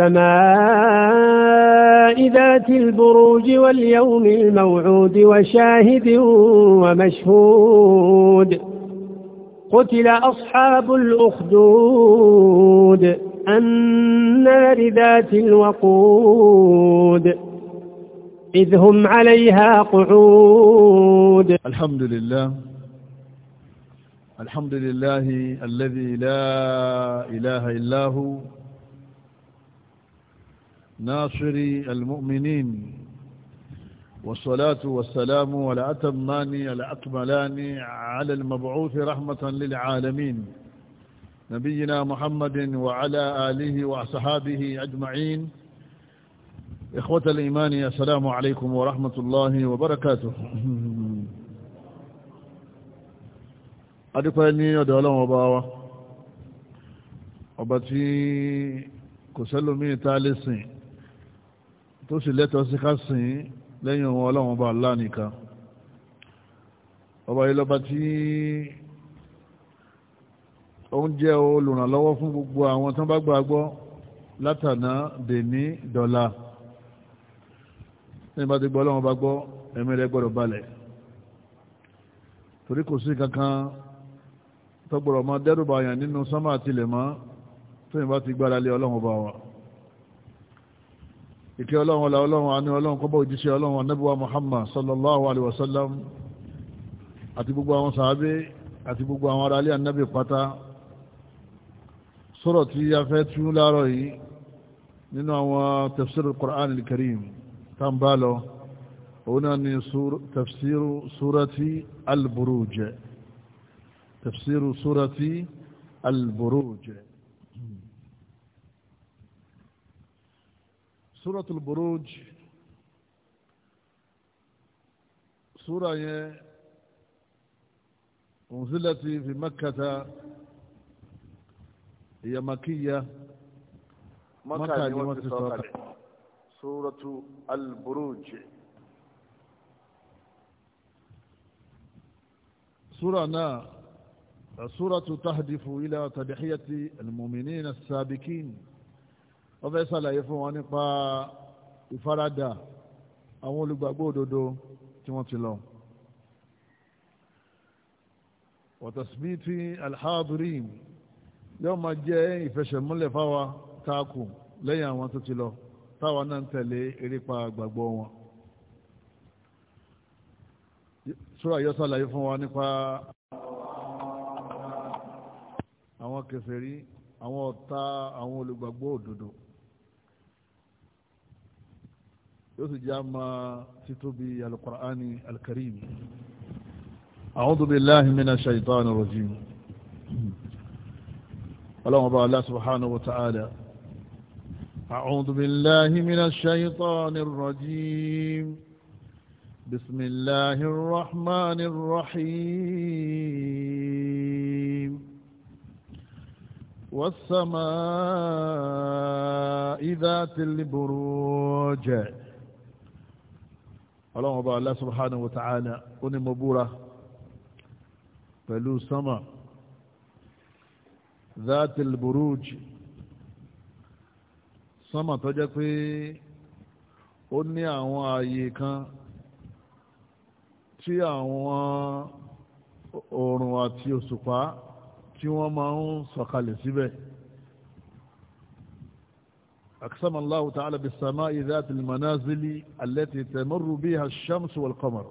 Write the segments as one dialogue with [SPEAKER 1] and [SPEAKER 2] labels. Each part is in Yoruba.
[SPEAKER 1] السماء ذات البروج واليوم الموعود وشاهد ومشهود قتل أصحاب الأخدود النار ذات الوقود إذ هم عليها قعود الحمد لله الحمد لله الذي لا إله إلا هو ناصر المؤمنين والصلاة والسلام والأتمان الأكملان على المبعوث رحمة للعالمين نبينا محمد وعلى آله وأصحابه أجمعين إخوة الإيمان السلام عليكم ورحمة الله وبركاته adúpẹ́ ní ọ̀dọ̀ ọlọ́run ọba wa ọba tó sì lẹ́tọ̀ọ́ sí ká sìn lẹ́yìn ohun ọlọ́run ọba Allah nìkan ọba ilọ́ba tí ó ń jẹ́ olùrànlọ́wọ́ fún gbogbo àwọn tó bá gbàgbọ́ látàná dèní dọ́là nígbà tí gbọ́ ọlọ́run ọba gbọ́ ẹ̀mí rẹ̀ gbọ́dọ̀ balẹ̀ torí kò sí kankan tọ́gbọ̀rọ̀ máa dẹ́rù bàyàn nínú sánmà àtìlẹ̀ mọ́ tó ìbá ti gbára lé ọlọ́run ọba wa ìkẹ́ ọlọ́run ọlá ọlọ́run àánú ọlọ́run kọ́bọ̀ òjíṣẹ́ ọlọ́run anábíwá Muhammad sallallahu alaihi wasallam àti gbogbo àwọn sàábé àti gbogbo àwọn ará ilé anábì pátá sọ̀rọ̀ tí a fẹ́ tú láàárọ̀ yìí nínú àwọn tafsiru Qur'an al-Karim tá ń bá lọ òun náà ni tafsiru surati al-Buruj tafsiru surati al-Buruj سورة البروج سورة أنزلت في مكة هي مكية مكة مكة سورة البروج سورة نا سورة تهدف إلى تضحية المؤمنين السابقين wọ́n fẹ́ sàlàyé fún wọn nípa ìfaradà àwọn olùgbàgbọ́ òdodo tí wọ́n ti lọ. wàtàsíbítì alhadirin yóò máa jẹ́ ìfẹsẹ̀múlẹ̀ fáwa táàkù lẹ́yìn àwọn tó ti lọ táwa náà ń tẹ̀lé erépa gbàgbọ́ wọn. sọ́ra yóò sàlàyé fún wa nípa àwọn kèfèrí àwọn ọ̀tá àwọn olùgbàgbọ́ òdodo. yóò sì jẹ́ àmà títóbi alukur'ani alkarim a'udhu billahi minash shaitanir rajim ọlọ́run bá Allah subhanahu wa ta'ala a'udhu billahi minash shaitanir rajim بسم الله الرحمن الرحيم والسماء ذات البروج ọlọ́run ọba Allah subhanahu wa ta'ala ó ní mo búra pẹ̀lú sánmà zatil buruj sánmà tó jẹ́ pé ó ní àwọn ààyè kan tí àwọn oòrùn àti òṣùpá tí wọ́n máa ń sọ̀kalẹ̀ síbẹ̀. Si أقسم الله تعالى بالسماء ذات المنازل التي تمر بها الشمس والقمر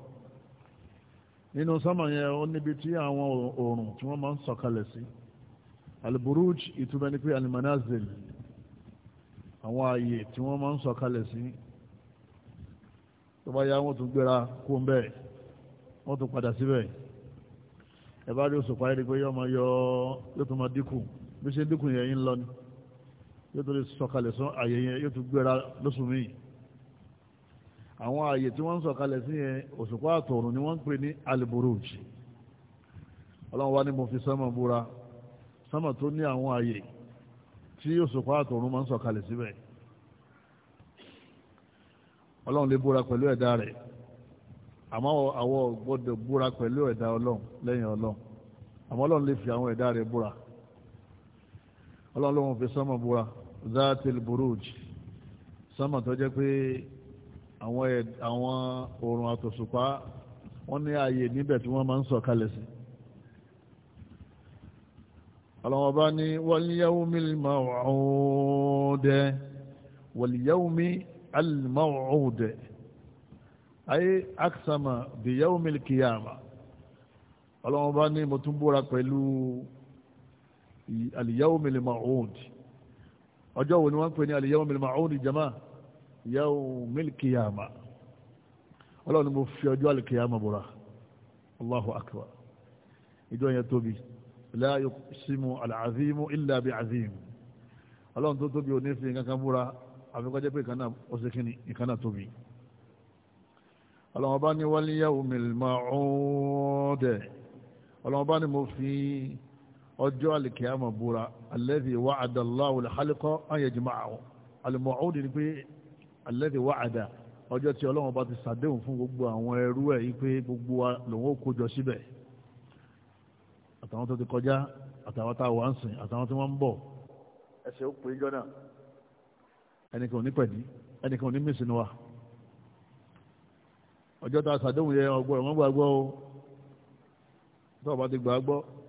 [SPEAKER 1] nínú sánmà yẹn ó níbi tí àwọn oòrùn tí wọ́n máa ń sọ̀kalẹ̀ sí alburuj ìtumọ̀ ní pé almanazil àwọn ààyè tí wọ́n máa ń sọ̀kalẹ̀ sí tó bá yá wọ́n tún gbéra kó ń bẹ́ẹ̀ wọ́n tún padà síbẹ̀ ẹ bá rí oṣù parí pé yọ́ máa yọ yóò tún máa dínkù bí ṣe dínkù yẹn ń lọ ni yóò tó lè sọ̀kalẹ̀ sọ àyè yẹn yóò tún gbéra lóṣù míì àwọn àyè tí wọ́n ń sọ̀kalẹ̀ sí yẹn òṣùpá àtọ̀run ni wọ́n ń pè ní aliburuj ọlọ́run wa ni mo fi sánmà búra sánmà tó ní àwọn àyè tí òṣùpá àtọ̀run máa ń sọ̀kalẹ̀ síbẹ̀ ọlọ́run lè búra pẹ̀lú ẹ̀dá rẹ̀ àmọ́ àwọ̀ gbọ́dọ̀ búra pẹ̀lú ẹ̀dá ọlọ́run lẹ́yìn ọlọ́run àmọ́ ọlọ́run lè fi àwọn ẹ̀dá rẹ̀ búra ọlọ́run ló fi sánmà búra zatil buruj sámà tó jẹ́ pé àwọn oòrùn àtòṣùpá wọ́n ní ààyè níbẹ̀ tí wọ́n máa ń sọ̀ kalẹ̀ sí ọlọ́wọ́ bá ní wal-yawmi al-maw'ud wal-yawmi al-maw'ud ayé aksama bi yawmi al-qiyama bá ní mo tún búra pẹ̀lú al-yawmi al-maw'ud ọjọ́ wo ni wọ́n ń pè ní al-yawmil ma'un ìjàmá yawmil qiyama ọlọ́run ni mo fi ọjọ́ al-qiyama búra allahu akbar ìjọ yẹn tóbi la yuqsimu al-azimu illa bi'azim ọlọ́run tó tóbi ò ní fi kankan búra àfikọ́jẹ́ pé ìkànnà ó ìkànnà tóbi ọlọ́run bá ní wal yawmil ma'un dẹ̀ ọlọ́run bá ní mo fi ọjọ́ alìkìyàmọ̀ búra alẹ́dì wà àdà láwùlẹ̀ hálíkọ́ ayẹjìmọ̀ àwọn alìmọ̀ọ́dì ni pé alẹ́dì wà àdà ọjọ́ tí ọlọ́run bá ti sàdéhùn fún gbogbo àwọn ẹrú ẹ̀ gbogbo lòun ó kójọ síbẹ̀ àtàwọn tó ti kọjá àtàwọn tá a wà ń sìn àtàwọn tí wọ́n ń bọ̀ ẹsẹ̀ ó pè é ẹnìkan ò ní pẹ̀lú ẹnìkan ò ní wa ọjọ́ tá a sàdéhùn yẹ ọgbọ́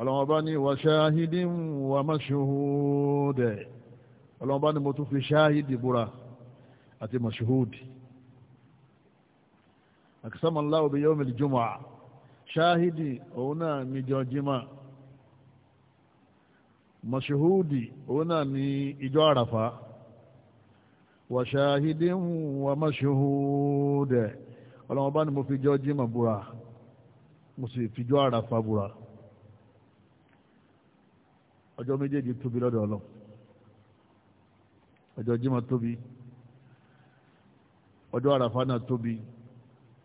[SPEAKER 1] ọlọ́wọ́n bá ní wa ṣáhídin wa mashhúdẹ̀ ọlọ́wọ́n bá ní mo tún fi ṣáhídì búra àti mashhúdì àkísàmà láwọ̀ bí yawmil jumu'a ṣáhídì òun náà ní jọ jimá mashhúdì òun náà ní ìjọ àràfà wa ṣáhídin wa mashhúdẹ̀ ọlọ́wọ́n bá ní mo fi jọ jimá búra mo sì fi jọ àràfà búra ọjọ́ méjèèjì tóbi lọ́dọ̀ ọlọ́ ọjọ́ jimá tóbi ọjọ́ àràfà náà tóbi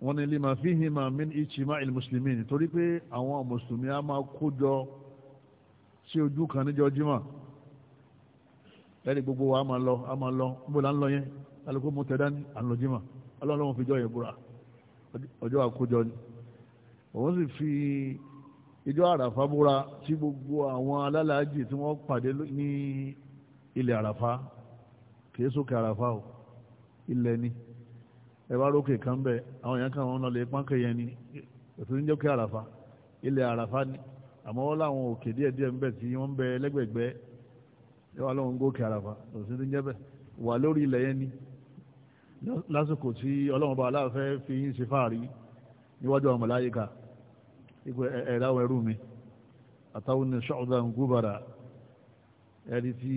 [SPEAKER 1] wọ́n ní lima fihima min ichima il muslimin torí pé àwọn mùsùlùmí á máa kó jọ sí ojú kan níjọ́ jimá lẹ́ni gbogbo wa á máa lọ á máa lọ níbo là ń lọ yẹn alùpùpù mú tẹ dání à ń lọ jimá ọlọ́run fi jọ yẹn búra ọjọ́ àkójọ ni òun sì fi ìjọ àràfà búra tí gbogbo àwọn alálàájì tí wọ́n pàdé ní ilẹ̀ àràfà kìí sókè àràfà o ilẹ̀ ni ẹ bá rókè kan bẹ àwọn èèyàn kan wọn lọ lè pánkẹ́ yẹn ni ètò ìjọ kí àràfà ilẹ̀ àràfà ni àmọ́ wọ́n láwọn òkè díẹ̀díẹ̀ ń bẹ tí wọ́n ń bẹ lẹ́gbẹ̀gbẹ́ ẹ wà lọ́wọ́n gòkè àràfà òsì ti ń jẹ́ bẹ̀ wà lórí ilẹ̀ yẹn ni lásìkò tí ọlọ́run bá aláàfẹ́ fi yín ṣe fáàrí níwájú àwọn màláíkà ìgbẹ́ ẹ̀dá wẹ̀rú mi àtàwọn ní sọ́ọ̀dà ń gúbàrà ẹ̀rí tí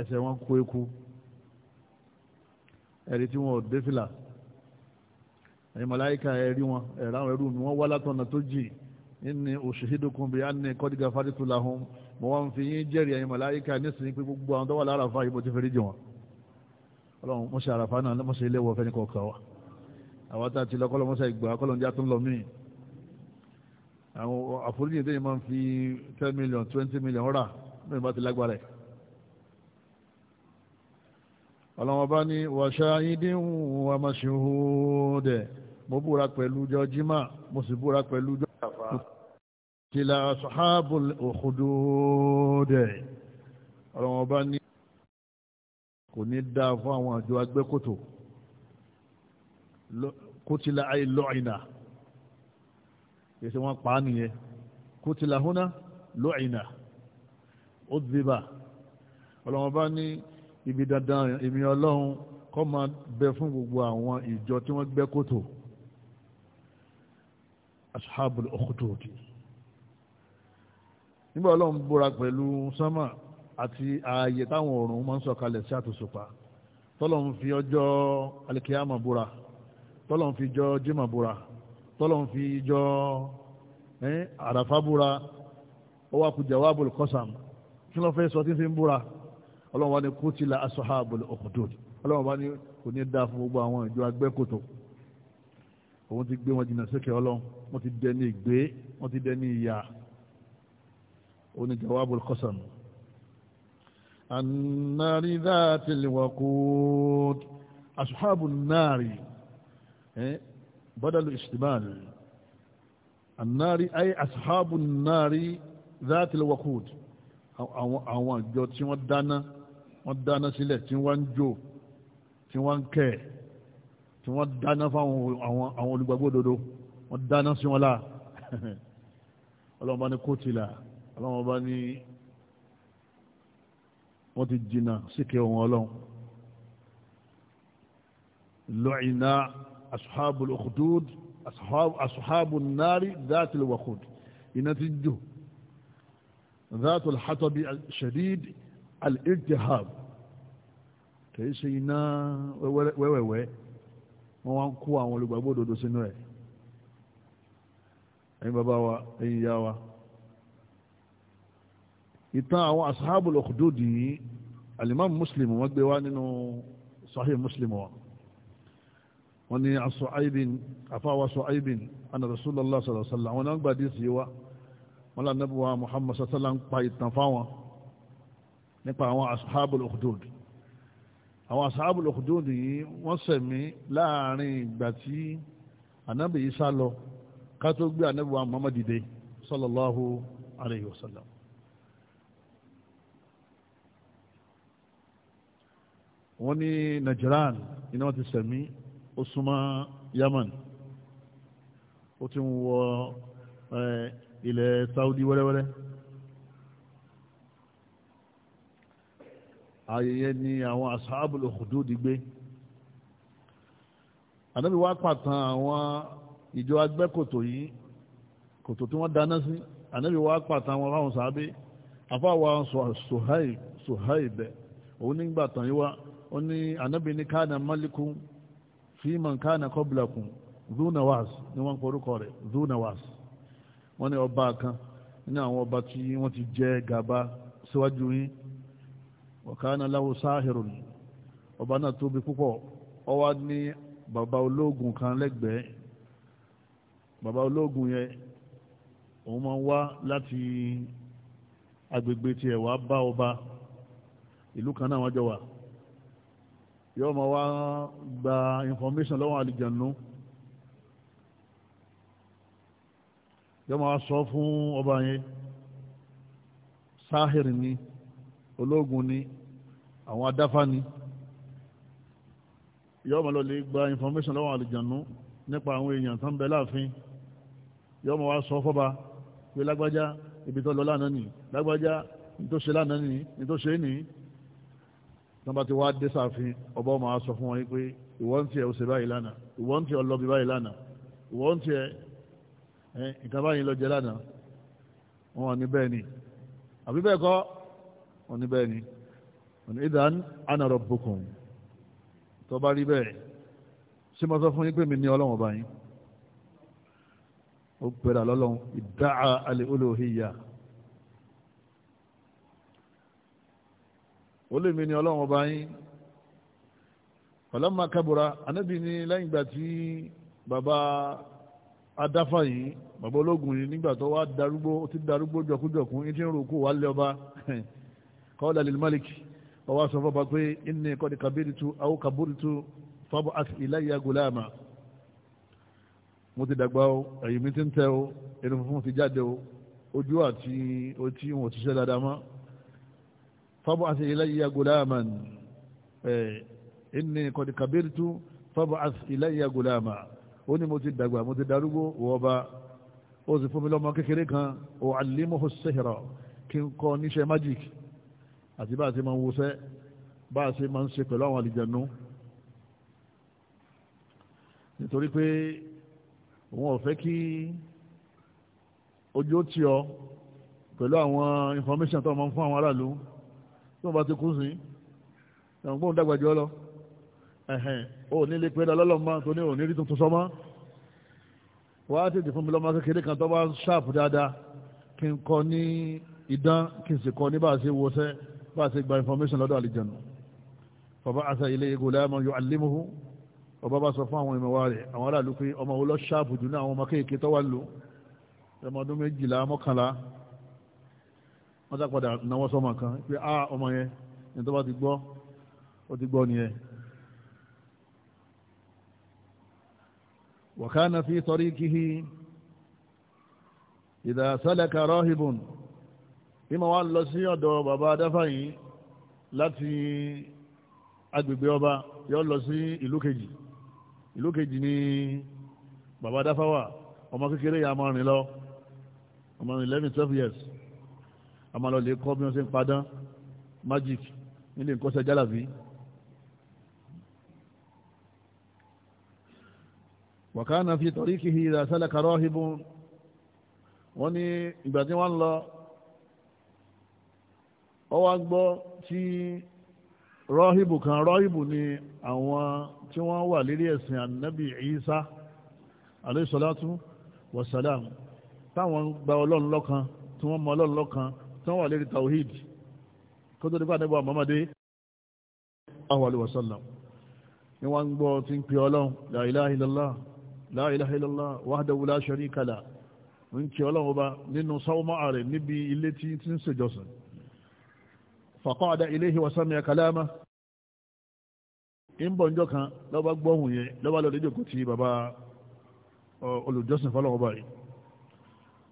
[SPEAKER 1] ẹsẹ̀ wọn kó eku ẹ̀rí tí wọn ò dé fìlà ẹ̀yìn màláìka ẹ̀rí wọn ẹ̀rá wẹ̀rú mi wọ́n wá látọ̀nà tó jì ní òṣèṣídókun bíi àní kọ́dígà fàdítù làhùn mo wá ń fi yín jẹ́rìí ẹ̀yìn màláìka nísìnyí pé gbogbo àwọn tó lára fáyìí mo ti fẹ́rí jì wọn ọlọ́run mọ́ṣẹ́ àràfà náà mọ́ṣẹ́ ilé wọ̀ àwọn àforíjì ìdẹ́yìn máa ń fi ten million twenty million rà mẹ́rin bá ti lágbára ẹ̀ ọlọ́wọ́n bá ní wàṣà ìdín wa mashhude mo búra pẹ̀lú jọjímà mo sì búra pẹ̀lú jọjímà tìlà ashabul ukhudud ọlọ́wọ́n bá ní kò ní dá fún àwọn àjọ agbẹ́kòtò kó tìlà àìlọ́ìnà kìí ṣe wọ́n pa á nìyẹn kutila huna lu'ina udhiba ọlọ́run bá ní ibi dandan èmi ọlọ́run kọ́ máa bẹ fún gbogbo àwọn ìjọ tí wọ́n gbẹ́ kòtò ashabul ukhdud nígbà ọlọ́run búra pẹ̀lú sánmà àti ààyè táwọn oòrùn máa ń sọ̀kalẹ̀ sí àtòsùpá tọ́lọ́run fi ọjọ́ alikiyama búra tọ́lọ́run fi jọ jimá tọ́lọ́n fi jọ àràfà búra ó wá kú jawabul qasam kí ló fẹ́ sọ tí ń fi ń búra ọlọ́run wá ní kutila ashabul ukhdud ọlọ́run wá ní kò ní dáa fún gbogbo àwọn ìjọ agbẹ́kòtò òun ti gbé wọn jìnnà sókè ọlọ́run wọ́n ti dẹni ìgbé wọ́n ti dẹni ìyà ó ní jawabul qasam annari dhatil waqud ashabun nari بدل اشتمال النار أي أصحاب النار ذات الوقود àwọn àjọ tí wọ́n dáná wọ́n dáná sílẹ̀ tí wọ́n ń jó tí wọ́n ń kẹ́ tí wọ́n dáná fáwọn àwọn olùgbàgbọ́ òdodo wọ́n dáná sí wọn láà ọlọ́run bá ní kóòtìlà ọlọ́run bá ní wọ́n ti jìnnà síkẹ́ ohun ọlọ́run lọ́ìnà أصحاب الأخدود أصحاب, أصحاب النار ذات الوخود ينتج ذات الحطب الشديد الالتهاب كيسينا ووووو موانكوا ولبابودو دوسنوه أين باباوا أين ياوا إطاعوا أصحاب الأخدود الإمام مسلم وقبوان صحيح مسلم وقبوان wọ́n ní aṣọ aibin afáwa aṣọ aibin ana rasulullah sallallahu alaihi wasallam àwọn náà gbàdí sí wa wọ́n lànà bí wa muhammad sallallahu alaihi wasallam pa ìtàn fáwọn nípa àwọn ashabul ukhdud àwọn ashabul ukhdud yìí wọ́n ṣẹ̀mí láàrin ìgbà tí anábì Ìsá lọ ká tó gbé anábì wa muhammad dìde sallallahu alaihi wasallam wọ́n ní Najran iná ti sẹ̀mí ó súnmọ́ Yaman ó ti ń wọ ilẹ̀ Saudi wẹ́rẹ́wẹ́rẹ́ ayẹyẹ ni àwọn asáàbùlù hududi gbé ànábì wá pàtàn àwọn ìjọ agbẹ́kòtò yìí kòtò tí wọ́n dáná sí ànábì wá pàtàn àwọn fáwọn sàábé àfáwà Suhaib Suhaib bẹ̀ òun nígbà tàn yíwá ó ní ànábì ní káàdà málikún fi man kana qablakum zunawas ni wọ́n korúkọ rẹ̀ zunawas wọ́n ní ọba kan nínú àwọn ọba tí wọ́n ti gaba gàba síwájú yín wa kana lahu sáhìrùn ọba na tobi puku ó wa ni bàbá ológun kan lẹ́gbẹ̀ẹ́ baba ológun yẹn òun máa ń wá láti agbègbè tiẹ̀ wa ba ọba ìlú kan náà wọ́n jọ yóò máa wá gba information lọ́wọ́ àlìjànú yóò máa sọ fún ọba yẹn sáhìr ni ológun ni àwọn adáfá ni yóò máa lọ lè gba information lọ́wọ́ àlìjànú nípa àwọn èèyàn tó ń bẹ láàfin yóò máa wá sọ fọ́ba pé lágbájá ibi tó lọ lánàá ni lágbájá ní tó ṣe lánàá ni ní tó ṣe é tọ́ba ti wá dé sàfin ọba ọmọ aṣọ fún wọn yìí pé ìwọ ń tiẹ̀ òṣèlú báyìí lánàá ìwọ ń tiẹ̀ ọlọ́bì báyìí lánàá ìwọ ń tiẹ̀ nǹkan báyìí lọ jẹ lánàá wọn ò ní bẹ́ẹ̀ ni àbí bẹ́ẹ̀ kọ́ wọn ní bẹ́ẹ̀ ni wọn ní ìdán ana tọ́ba rí bẹ́ẹ̀ ṣé mo sọ fún yín pé mi ní ọlọ́wọ̀n báyìí ó pèrè àlọ́lọ́wọ́n ìdáa al-uluhiyya ó lè mi ni ọlọ́run ọba yín ọlọ́mà kábùrà anábì ní lẹ́yìn ìgbà tí bàbá adáfà yìí bàbá ológun yìí nígbà tó wá darúgbó ó ti darúgbó jọkújọkún yìí ti ń rògbò wà lé ọba kọ́ọ̀lá lil malik ọwọ́ sọ fọ́ba pé inni qad kabiritu aw kaburitu fab'ath ilayya gulama mo ti dàgbà o ẹ̀yìn mi ti ń tẹ o ẹnu fún mi ti jáde o ojú àti otí wọn ò ti ṣe dáadáa mọ́ فابعث إلي غلاما إني قد كبرت فابعث إلي غلاما ó ní mo ti dàgbà mo ti darúgbó wọ́ba ó sì fún mi lọ́mọ kékeré kan ó alimoho sehra kí n kọ́ níṣẹ́ magic àti bá a ti máa ń wusẹ́ bá a ti máa ń ṣe pẹ̀lú àwọn àlìjẹ̀nu nítorí pé wọn ò fẹ́ kí ojú ó tì ọ pẹ̀lú àwọn information tó máa ń fún àwọn aráàlú tí wọ́n bá ti kú sí ẹ̀wọ̀n gbóhùn dàgbàjọ́ lọ ẹ̀hẹ̀n ó nílé pé lọ́lọ́mọ tó ní òní tuntun sọmọ́ wà á tètè fún mi lọ́mọ kékeré kan tó bá ṣáàpù dáadáa kí n kọ́ ní idán kí n sì kọ́ ní bá a ṣe wọṣẹ́ bá a ṣe gba information lọ́dọ̀ àlìjẹ̀nu bàbá àṣà ilé egbò láàmú yóò àlímùhù ọba bá sọ fún àwọn ìmọ̀wá rẹ̀ àwọn aráàlú pé ọmọ wo lọ ṣáàpù jù ní àwọn ọmọ kéèké tó wà lò ọmọdún méjìlá mọ́kànlá wọ́n sá padà náwó sọ́mọ kan pé á ah, ọmọ yẹn ní tó bá ti gbọ́ ó ti gbọ́ nìyẹn. وكان في طريقه إذا سلك راهب ìmọ̀ wa lọ sí ọ̀dọ̀ bàbá adáfáyín láti agbègbè ọba yọ lọ sí ìlú kejì ìlú kejì ni bàbá adáfáwà ọmọ kékeré yà máa rìn lọ ọmọ eleven twelve years a máa lọ lè kọ́ bí wọ́n ṣe ń padán magic nílé ìkọ́sẹ̀ jálàbí wàkánà fi tọ̀rí kìí ìdá sálẹ̀ kàrọ́ ìbùn wọ́n ní ìgbà tí wọ́n ń lọ ọwọ́ gbọ́ tí rọ́hìbù kan rọ́hìbù ni àwọn tí wọ́n wà lérí ẹ̀sìn ànábì Ìsá alayhi salatu wassalam táwọn gba ọlọ́run lọ́kan tí wọ́n mọ ọlọ́run lọ́kan tí wọ́n wà lérí tawhid kó tó nípa nípa Muhammadu sallallahu alaihi wasallam ni wọ́n ń gbọ́ ti ń pè ọlọ́run la ilaha illallah la ilaha illallah wahdahu la sharika lah ń kí ọlọ́run ọba nínú sọ́ọ́mọ́ rẹ̀ níbi ilé tí ń ṣèjọsìn faqada ilayhi wa sami'a kalama ń bọ̀ kan lọ́ba gbọ́hùn yẹn lọ́ba lọ́dẹ́jọ́ kò ti bàbá olùjọ́sìn fọlọ́run ọba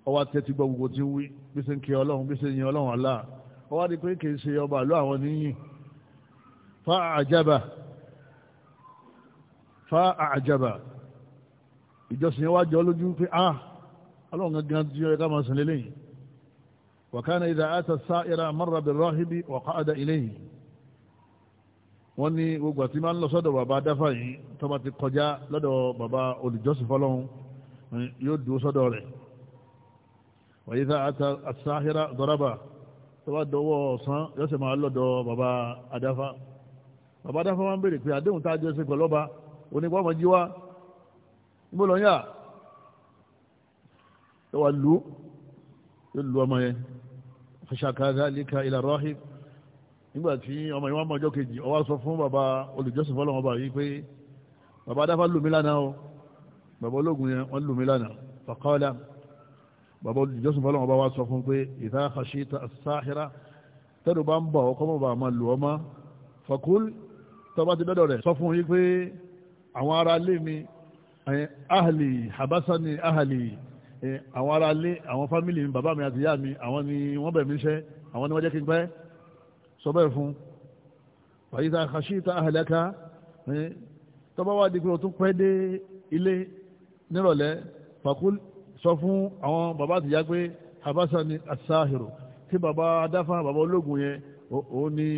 [SPEAKER 1] ọwọ́ tẹ́tí gbọ́ gbogbo tí wí bí ṣe ń kí ọlọ́run bí ṣe ń yin ọlọ́run ọ̀la ọwọ́ di pé kìí ṣe ọba àlọ́ àwọn níyìn fa àjábà fa àjábà ìjọsìn yẹn wá jọ lójú pé a ah, ọlọ́run gangan ti yọ ká máa sìn lélẹ́yìn wàkánà ìdá àtà sáìrà marra bi rahibi wàkàdà ilayhi wọ́n ní gbogbo àti máa ń lọ sọ́dọ̀ bàbá dáfà yìí tó bá ti kọjá lọ́dọ̀ bàbá olùjọ́sìn fọlọ́run yóò dúró sọ́dọ̀ rẹ̀ wàyíká àtàsáhírà dọ́rọ́bà tó bá dọwọ́ ọ̀sán yóò sì máa lọ́dọ̀ bàbá adáfá bàbá adáfá máa ń béèrè pé àdéhùn tá a jọ ṣe pẹ̀lú ọba onípamọ́ jí wá níbo lọ yà yọ wà lù yóò lù ọmọ yẹn fàṣàkàdá líka ìlà rọ́hìn nígbà ọmọ yẹn wá kejì ó sọ fún bàbá olùjọ́sìn fọlọ́mọ yìí pé bàbá bàbá olùjọ́sìn fọ́lọ́wọ́ bá wá sọ fún pé ìdá àṣíta sáhírá tẹ́lù bá ń bọ̀ ọkọ́ mọ̀ bá máa lù ọ́ mọ́ fọkúl tó bá ti dọ́dọ̀ rẹ̀ sọ fún yí pé àwọn ará ilé mi ahàlì habasa ni ahàlì àwọn ará ilé àwọn fámìlì mi bàbá mi àti ìyá mi àwọn ni wọ́n bẹ̀ mí iṣẹ́ àwọn ni wọ́n jẹ́ kí n pẹ́ sọ bẹ́ẹ̀ fún ìdá àṣíta sọ fún àwọn bàbá àtìyá pé habasa ni asáhìrò tí bàbá adáfà bàbá ológun yẹn ó ní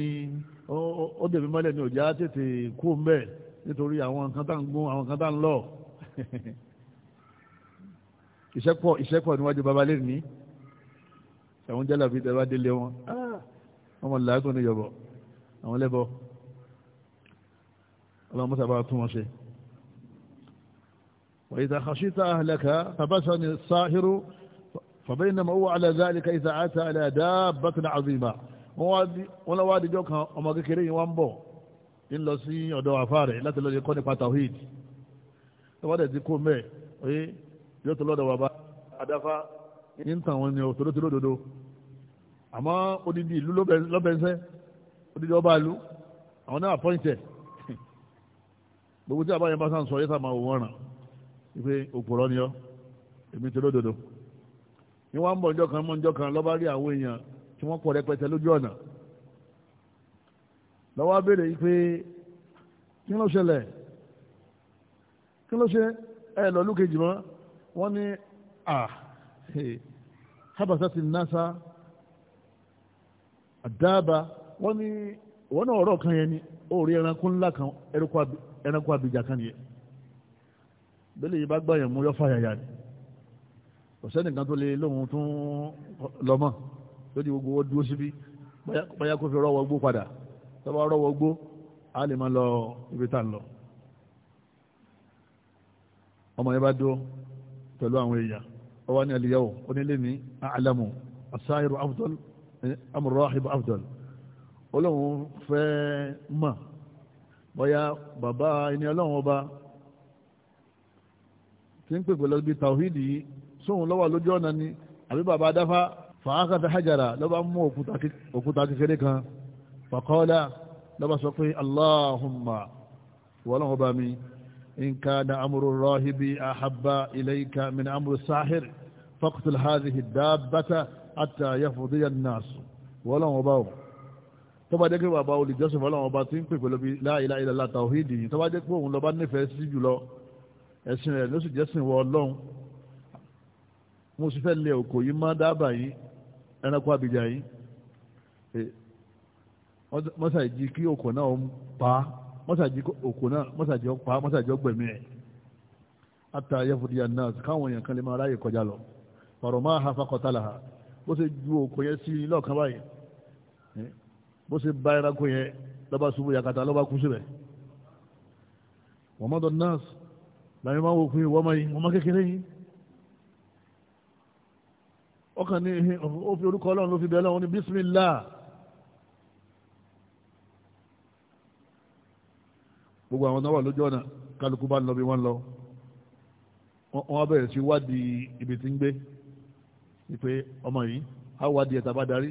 [SPEAKER 1] ó dẹ̀bí mọ́lẹ̀ ní òjá tètè kú mbẹ́ nítorí àwọn nǹkan tá ń gún àwọn nǹkan tá ń lọ ìṣẹ́pọ̀ ìṣẹ́pọ̀ níwájú bàbá lè ní àwọn jálàbí tẹ́bá délé wọn ah! ọmọ làákùn ní yọ̀bọ̀ àwọn lẹ́bọ̀ ọlọ́mọ́sàbá tún wọn ṣe وإذا خشيت أهلك فبسني الساحر فبينما هو على ذلك إذا أتى على دابة عظيمة wọ́n lọ́wọ́ àdíjọ́ kan ọmọ kékeré yìí wọ́n ń bọ̀ ń lọ sí ọ̀dọ̀ àfá rẹ̀ láti lọ́dẹ̀ kọ́ nípa tawhid lọ́wọ́dẹ̀ ti kó mẹ́ oye yóò tó lọ́dọ̀ bàbá adáfá ní tàn wọn ni òtòdó tó lódodo àmọ́ odidi ìlú lọ́bẹ̀ẹ́sẹ́ odidi ọba ìlú àwọn náà appointed gbogbo tí àbáyẹn bá sàn sọ yẹ́sà máa wò wọ́n ràn ìpè òpòrọ ni ọ èmi tó lódodo ní wọn bọ ọjọ́ kan mọ lọba rí àwọn èèyàn tí wọn pọ̀ rẹpẹtẹ lójú ọnà. lọ́wọ́ béèrè yìí kí ló ṣẹlẹ̀ kí ló ṣe ẹ lọ lókejì wọ́n ní à nasa àdáàbà wọ́n ní ọ̀rọ̀ kan yẹn ni ó rí ẹranko ńlá kan ẹranko àbíjà kan bẹ́lẹ̀ yìí bá gbọ́yàn mú yọ́ fàyàyà ni kò sẹ́nìkan tó lè lóhun tún lọ́mọ lórí gbogbo owó dúró síbí bóyá kó fi rọ́wọ́ gbó padà tọ́wọ́ rọ́wọ́ gbó a lè máa lọ ibi tá à ń lọ ọmọ yẹn bá dúró pẹ̀lú àwọn èèyàn ó wá ní àlìyáwó onílé ní àlámù asáyẹrù afdol amúrọ́hìbù afdol olóhùn fẹ́ mọ̀ bóyá bàbá ẹni ọlọ́run ọba tí ń pèpè lọ bí tàwíìdì yìí sóhun lọ́wọ́ lójú ọ̀nà ni àbí bàbá adáfá fàákàtà hajara ló bá mú òkúta kékeré kan fàkọ́ọ́lá ló bá sọ pé aláhùnmá wọ́n ọba mi nǹkan na amúrú rọ́hìbí àhábá ilayka min amúrú sáhìr faqtul hadhihi dábàtà àtà yafudiya nas wọ́n ọba o tó bá jẹ́ pé bàbá olùjọ́sìn ẹ̀sìn rẹ̀ ló sì jẹ́sìn wọ ọlọ́run mo sì fẹ́ lé òkò yìí má dábà yín ẹranko àbíjà yín mọ́sàájì kí òkò náà ó pa mọ́sàájì òkò náà mọ́sàájì ó pa mọ́sàájì ó gbẹ̀mí ẹ̀ ata yẹfudi anas káwọn èèyàn kan lè máa ráyè kọjá lọ ọ̀rọ̀ máa ha fakọta là ha bó ṣe ju òkò yẹn sí ilé ọ̀kan báyìí bó ṣe bá ẹranko yẹn lọ́ba ṣubú yakata lọ́ba kú síbẹ̀ wọ́n mọ́tò nọ́ọ̀sì láyé máa wò fún ìwọ́mọ yìí ọmọ kékeré yìí ọkàn ní ó fi orúkọ ọlọ́run ló fi bẹ́ẹ̀ lọ́wọ́ ní bísímìlá gbogbo àwọn náà wà lójú ọ̀nà kálukú bá ń lọ bí wọ́n lọ wọ́n á bẹ̀rẹ̀ sí wádìí ibi tí ń gbé ìpè ọmọ yìí á wádìí ẹ̀ta bá darí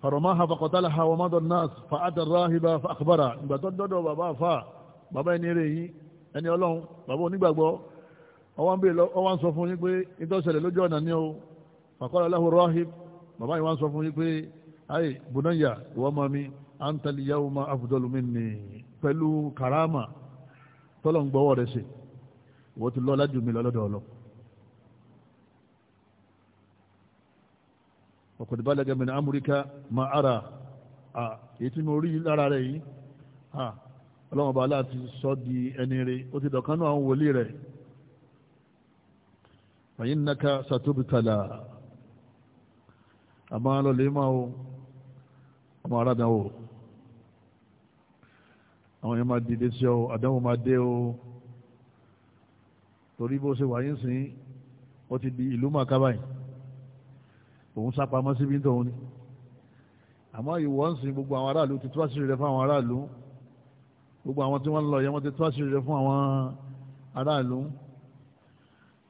[SPEAKER 1] faramaha fakọtala hawa madan nas fa'adar rahiba fa akbara ìgbà bàbá ẹni eré yín ẹni ọlọ́run bàbá onígbàgbọ́ ọwọ́n bèè ọwọ́n sọ fún yín pé ìtọ́sẹ̀lẹ̀ lójú ọ̀nà ni o fàkọ́lá aláhùn rahib bàbá yìí wọ́n sọ fún yín pé ayé bunanya ìwọ ọmọ mi ma afudọ́lu mi nì karama tọ́lọ̀ ń gbọ́wọ́ rẹ̀ ti lọ́lọ́dọ̀ bá ara èyí tí mo rí lára rẹ̀ yìí ọlọ́run ọba aláàtí sọ di ẹni rẹ ó ti dọ̀kánú àwọn wòlíì rẹ̀ wàyí nnaka sàtúbìtàlà àmọ́ lọ́lẹ́ máa o ọmọ aládàáwò àwọn yẹn máa dìde sí ọ àdánwò máa dé o torí bó ṣe wàyí sìn ó ti di ìlú màkà báyìí òun sápamọ́ síbi tóun ni àmọ́ ìwọ gbogbo àwọn aráàlú ti tú àṣírí rẹ fáwọn aráàlú gbogbo àwọn tí wọ́n lọ yẹn wọ́n ti tó àṣírí rẹ̀ fún àwọn aráàlú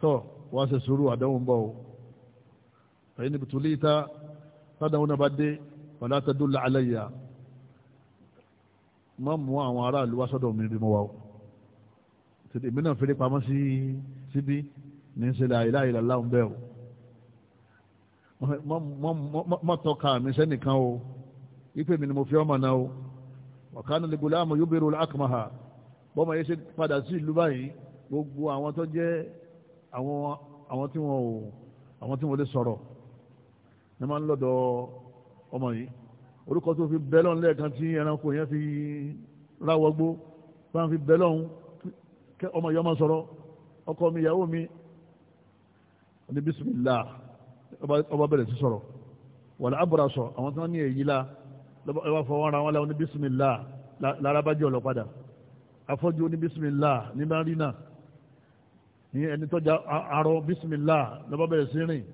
[SPEAKER 1] tó wọ́n ṣe sùúrù àdánwò ń bọ̀ o ẹ̀yin níbi tùlí ìta tádàwọn náà bá dé wàlá tẹ́dó làálẹ́yà má mú àwọn aráàlú wá sọ́dọ̀ mi bí mo wà o tètè èmi náà fèrè pamọ́ sí síbí ní í ṣe láìláì làlá ń bẹ́ o má tọ́ka mi sẹ́nìkan o ìpè mi ni mo fi ọmọ náà o ọ̀kánú lè gùlámù yóò bèrè akọ̀mọ̀hà bọ́mọ̀ yẹn ṣe padà sí ìlú báyìí gbogbo àwọn tó jẹ́ àwọn tí wọn ò àwọn tí wọn lè sọ̀rọ̀ ní máa ń lọ́dọ̀ ọmọ yìí orúkọ tó fi bẹ́lọ́n lẹ́ẹ̀kan tí ẹranko yẹn fi ráwọ́gbó bá ń fi bẹ́lọ́n ọmọ yìí ọmọ sọ̀rọ̀ ọkọ mi ìyàwó mi ní bísímìlá ọba bẹ̀rẹ̀ sí sọ̀rọ̀ wàlá àbúrà sọ àwọn tí wọ́n ní èyí la lọ́wọ́ fọwọ́ ra wọn láwọn ní bísímìlá lára bá jẹ́ ọlọ́padà afọ́jú ní bísímìlá ní marina ní ẹni tọ́jà arọ bísímìlá lọ́bọ́ bẹ̀rẹ̀ sí rìn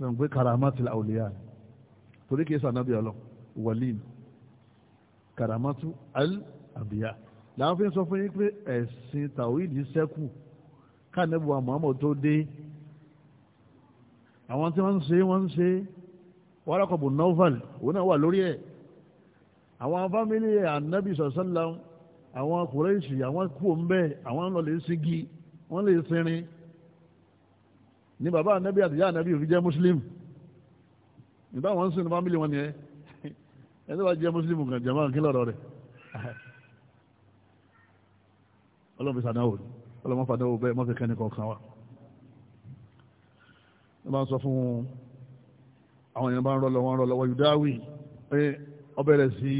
[SPEAKER 1] lọ́n gbé karamatul awliya torí kìí sànábì ọlọ́ wàlíìn karamatul àbíyá láwọn fi ń sọ fún yín pé ẹ̀sìn tàwíìlì sẹ́kù káàdínlẹ́bùwà Muhammad tó dé àwọn tí wọ́n ń ṣe wọ́n ń ṣe é wárakọ̀bù Nawfal òun náà wà lórí ẹ̀ àwọn fámílì ànábì sọ̀sánlá àwọn kùrẹ́ṣì àwọn kú ń bẹ́ẹ̀ àwọn lọ lè sígi wọ́n lè sinrin ní bàbá ànábì àtìyá ànábì òfin jẹ́ muslim nígbà wọn ń sin fámílì wọn nìyẹn ẹni wàá jẹ́ muslim kan jẹ́ máa kí lọ́rọ̀ rẹ̀ ọlọ́mọ sàdáwò ọlọ́mọ fàdáwò bẹ́ẹ̀ mọ́fẹ́ kẹ́ni kọ̀ọ̀kan wa àwọn èèyàn bá ń rọlọ wọn rọlọ wọn yudawi pé ó bẹ̀rẹ̀ sí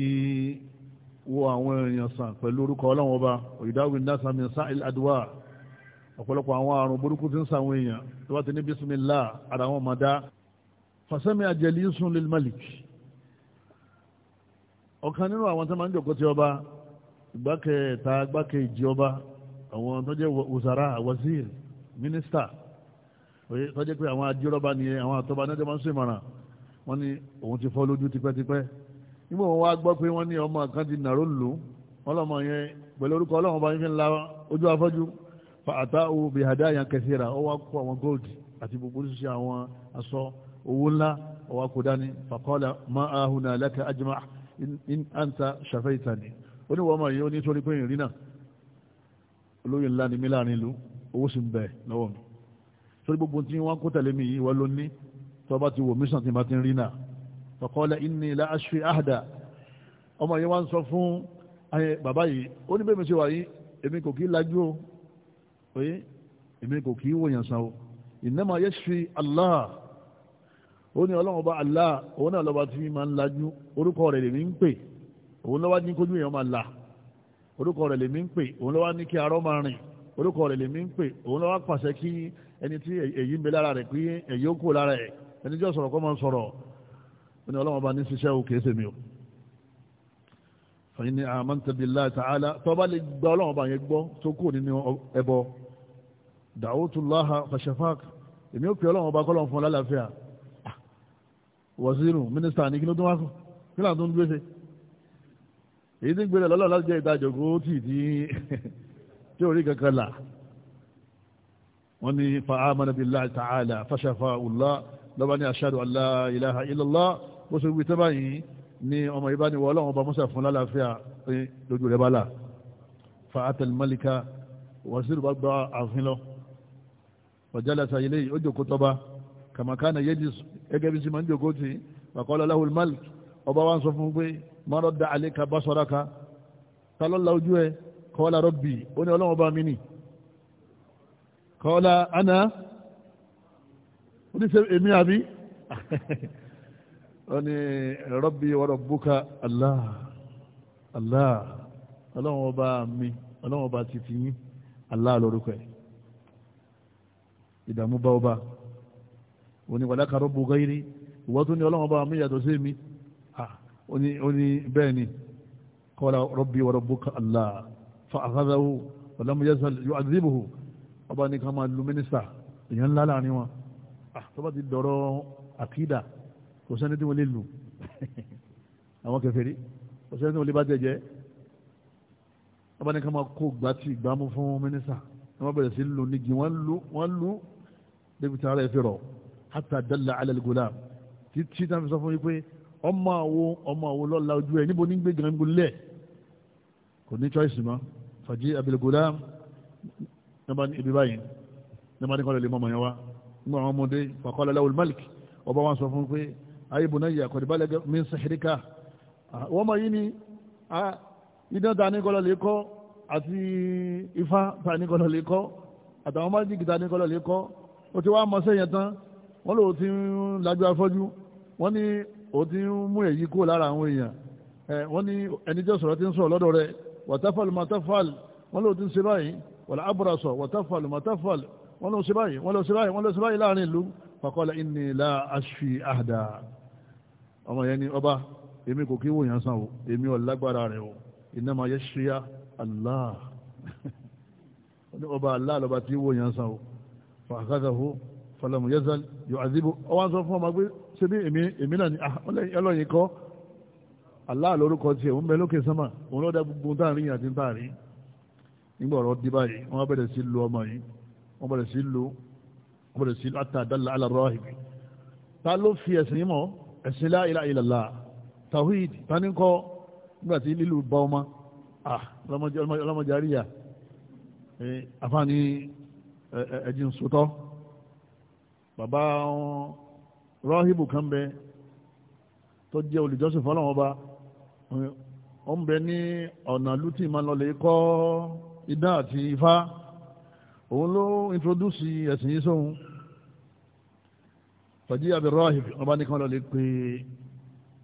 [SPEAKER 1] wo àwọn èèyàn sàn pẹ̀lú orúkọ ọlọ́wọ́n ọba yudawi nasa min sa'il adwa ọ̀pọ̀lọpọ̀ àwọn àrùn burúkú ti ń sàwọn èèyàn tó bá ti ní bismillah ara wọn máa dá fasẹ́mi àjẹlí sùn lil malik ọ̀kan nínú àwọn tó máa ń jòkó ti ọba ìgbákẹta ìgbákejì ọba àwọn tó jẹ́ wùsàrà wazir mínísítà tó jẹ́ pé àwọn adírọ́ba ni àwọn àtọ́ba náà jẹ́ máa ń sèmọ̀ràn wọ́n ní òun ti fọ́ lójú tipẹ́tipẹ́ nígbà wọn wá gbọ́ pé wọ́n ní ọmọ kan ti nàró lù wọ́n lọ́mọ yẹn pẹ̀lú orúkọ ọlọ́run bá ń fi ń la ojú afọ́jú fa àtà òwò bí àdá yẹn kẹsì rà ó wá kó àwọn gold àti gbogbo ṣíṣe àwọn aṣọ owó ńlá ó wá kó dání faqala ma ahuna laka ajma' in anta shafaitani oníwọ̀ọ́mọ yìí ó ní torí pé ìrìnà olóyè ńlá ni mí láàrin ìlú owó sì ń bẹ lọ́wọ́ mi torí gbogbo tí wọ́n kó tẹ̀lé mi yìí wọ́n ló ní tọba ti wò mísàn tí ma ti rí náà faqala inni la ashfi ahda ọmọ yìí wá ń sọ fún bàbá yìí ó ní bẹ́ẹ̀ mi ṣe wà yìí èmi kò kí lajú o oye èmi kò kí wòyàn san o innama yashfi Allah ó ní ọlọ́run ọba Allah òun náà lọ́ba tí ma ń lajú orúkọ rẹ̀ lèmi ń pè òun lọ́wọ́ ní kójú èèyàn máa là orúkọ rẹ̀ lèmi ń pè òun lọ́wọ́ ní kí arọ́ máa rìn orúkọ rẹ̀ lèmi ń pè òun lọ́wọ́ pàṣẹ kí ẹni tí èyí ń bẹ lára rẹ̀ pé èyí ó kú lára ẹ̀ ẹni jẹ́ sọ̀rọ̀ kọ́ máa sọ̀rọ̀ ẹni ọlọ́wọ́n bá ní ṣiṣẹ́ o kìí sèmi o fẹ̀yìn ni amanta billahi ta'ala tó bá lè gba ọlọ́wọ́n bá yẹn gbọ́ tó kù nínú ẹbọ da'utullaha fashafak èmi ò pè ọlọ́wọ́n bá kọ́lọ́wọ́n fún lálàáfíà ah, wazirun mínísítà ní kí ló dún wá fún kí ló dún gbèsè èyí tí ń gbèrè lọ́lọ́ láti jẹ́ ìdájọ́gó tì tí tí orí kankan là wọ́n ní fa amana billahi ta'ala fashafa Allah lọ́ba ní ashadu alla ilaha illallah bó ṣe wí tẹ́bà yìí ní ọmọ ìbá ni wọ́n ọlọ́run ọba musa fún lálàáfíà lójú rẹ̀ bálà fa atal malika wàsílù bá gba ààfin lọ wajalasa ilayhi ó jòkó tọ́ba kàmàkánà yéjì gẹ́gẹ́ bí sí máa ń jòkó tì waqala lahu al-malik ọba wa ń sọ fún pé ma radda alayka basaraka tálọ́lá ojú ẹ qala rabbi ó ní ọlọ́run ọba mi nì qala ana oníṣẹ́ èmi àbí wọ́n ní rabbi wa rabbuka Allah Allah ọlọ́run ọba mi ọlọ́run ọba titi yín Allah lórúkọ ẹ̀ ìdààmú bá ọba òní wàlákà rabbu ghairi ìwọ́n tún ní ọlọ́run ọba mi yàtọ̀ sí mi òní bẹ́ẹ̀ ni qala rabbi wa rabbuka Allah fa akhadhahu wa lam yazal ọba ní ká máa lu mínísítà èèyàn ńlá láàrin wọn. Ah, tó bá ti dọ̀rọ̀ àkídà kò sẹ́ni tí wọ́n lè lù àwọn kèfèrí kò sẹ́ni tí wọ́n lè bá jẹ́jẹ́ abánikà máa kó gbàtì ìgbàmú fún mínísà wọ́n bẹ̀rẹ̀ sí lù nígi wọ́n lù wọ́n lù débi tí ara ẹ̀ fi rọ̀ hátà dálà alẹ́ lùgọ́lá títí táwọn fi sọ fún yín pé ọmọ àwo ọmọ àwo lọ́la ojú ẹ̀ níbo ní gbé gangan kò ní choice mọ́ fàjí abilgọ́lá níbi báyìí mú àwọn ọmọdé fàkọ́lá lẹ́wọ̀l malik ọba wọn sọ fún pé ayé bùnà yà kọ̀dí bá lẹ́gẹ́ mi ń sàhíríkà wọ́n mọ̀ yìí ni idán ta ní kọ́lọ̀ lè kọ́ àti ifá ta ní kọ́lọ̀ lè kọ́ àtàwọn májìkì ta ní kọ́lọ̀ lè kọ́ ó ti wá mọ sẹ́yìn tán wọ́n lò ó ti ń lajú afọ́jú wọ́n ní ó ti ń mú èyí kó lára àwọn èèyàn wọ́n ní ẹni jẹ́ sọ̀rọ̀ tí ń sọ̀rọ̀ lọ́dọ̀ rẹ̀ wàtáfàlù màtáfàlù wọ́n lò ó ti ń ṣe báyìí wàlá àbúrasọ̀ wàtáfàlù màtáfàlù wọ́n lọ sí báyìí wọ́n lọ sí báyìí wọ́n lọ sí báyìí láàrin ìlú faqala inni la ashfi ahda ọmọ yẹn ni ọba èmi kò kí wòyàn sàn o èmi ò lágbára rẹ̀ o innama yashfiya Allah ọba Allah lọ́ba tí wòyàn sàn o fa'akhadhahu falam yazal yu'adhibu ọwọ́n sọ fún ọmọ pé ṣé bí èmi náà ni ah, ọlọ́yin kọ́ Allah lórúkọ tiẹ̀ òun bẹ lókè sánmà òun lọ́dà gbogbo táàrin àti táàrin nígbà ọ̀rọ̀ dí báyìí wọ́n bẹ̀rẹ̀ sí lu ọmọ yìí wọ́n bẹ̀rẹ̀ sí lò wọ́n bẹ̀rẹ̀ sí àtàdàlà alàrọ́hìbì ta ló fi ẹ̀sìn yìí mọ́ ẹ̀sìn la ilaha illallah tawhid ta ní kọ́ nígbà tí lílù bá ọmọ ah, ọlọ́mọdé àríyá àfáàní ẹ̀jìn sòtọ́ bàbá rọ́hìbù kan bẹ tó jẹ́ olùjọ́sìn fọlọ́wọ́n bá ó ní ọ̀nà lútì máa kọ́ idán àti ifá òun ló introduce ẹ̀sìn yìí sóhun fàjí abirahim ọba nìkan lọ lè pe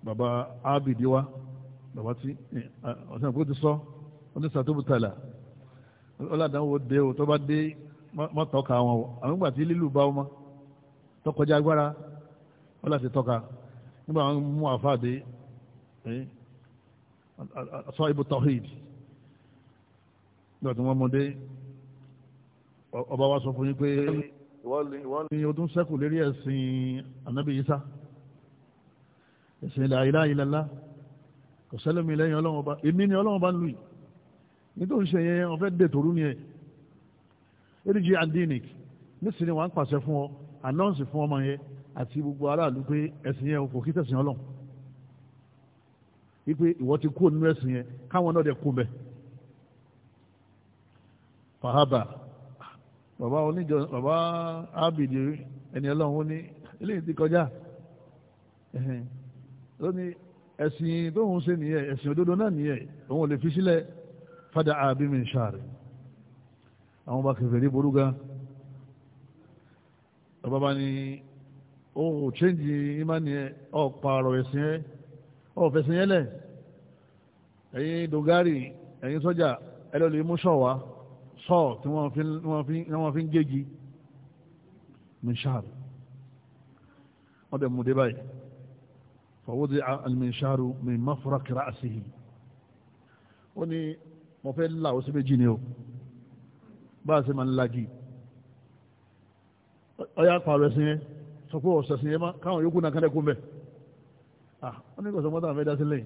[SPEAKER 1] baba abidi wa baba tí ọ̀sán kò ti sọ wọ́n ti sàtóbù tàlà ọlọ́dàáwò dé o tó bá dé mọ́tọ́ka wọn o àwọn ìgbà tí lílù bá wọn tọkọjá agbára wọ́n láti tọ́ka nígbà wọn mú àfáàdé sọ ibù tọ́hìd nígbà tí wọ́n mú dé ọba wa sọ fún yín pé ní ọdún sẹ́kù lérí ẹ̀sìn anábì isa ẹ̀sìn la ilaha illallah kò sẹ́lẹ̀mí lẹ́yìn ọlọ́run ọba èmi ni ọlọ́run ọba ń lù yìí nítorí ṣe yẹn ọ̀fẹ́ dè tòrú ni ẹ̀ erigi andinic nísìnyí wàá ń pàṣẹ fún ọ anọ́ọ̀sì fún ọmọ yẹn àti gbogbo aráàlú pé ẹ̀sìn yẹn kò kí tẹ̀sìn ọlọ́run wípé ìwọ ti kú nínú ẹ̀sìn yẹn káwọn náà dẹ̀ kú bẹ̀ fàhábà bàbá oníjọ bàbá ábìdì ẹni ọlọ́run ó ní eléyìí ti kọjá ó ní ẹ̀sìn tóun ṣe nìyẹn ẹ̀sìn òdodo náà nìyẹn òun ò lè fi sílẹ̀ fada àbí mi ṣáàrẹ̀ àwọn bá kẹfẹ́ ní borúga bàbá bá ní ohun chẹ́ǹjì ìmánì ẹ̀ ọ̀pá ọ̀rọ̀ ẹ̀sìn ẹ̀ ọ̀fẹ̀sìn yẹn lẹ̀ ẹ̀yin dogari ẹ̀yin sọ́jà ẹ̀ lọ́ọ́ lè mú ṣọ̀ sọ́ọ̀ tí wọ́n fi ń gégi mìṣàrù wọ́n dẹ̀ mú dé báyìí fọwọ́dé alìmìṣàrù mi máfúra kìrá àṣìhì ó ní mo fẹ́ là ó sí méjì ni o bá a sì máa ń lagi ọyá pààrọ̀ ẹ̀sìn yẹn sọ pé ọ̀sẹ̀ ẹ̀sìn yẹn má káwọn yókù náà kẹ́lẹ́kùn bẹ̀ ah wọ́n ní kọ̀sọ́ mọ́tà fẹ́ sílẹ̀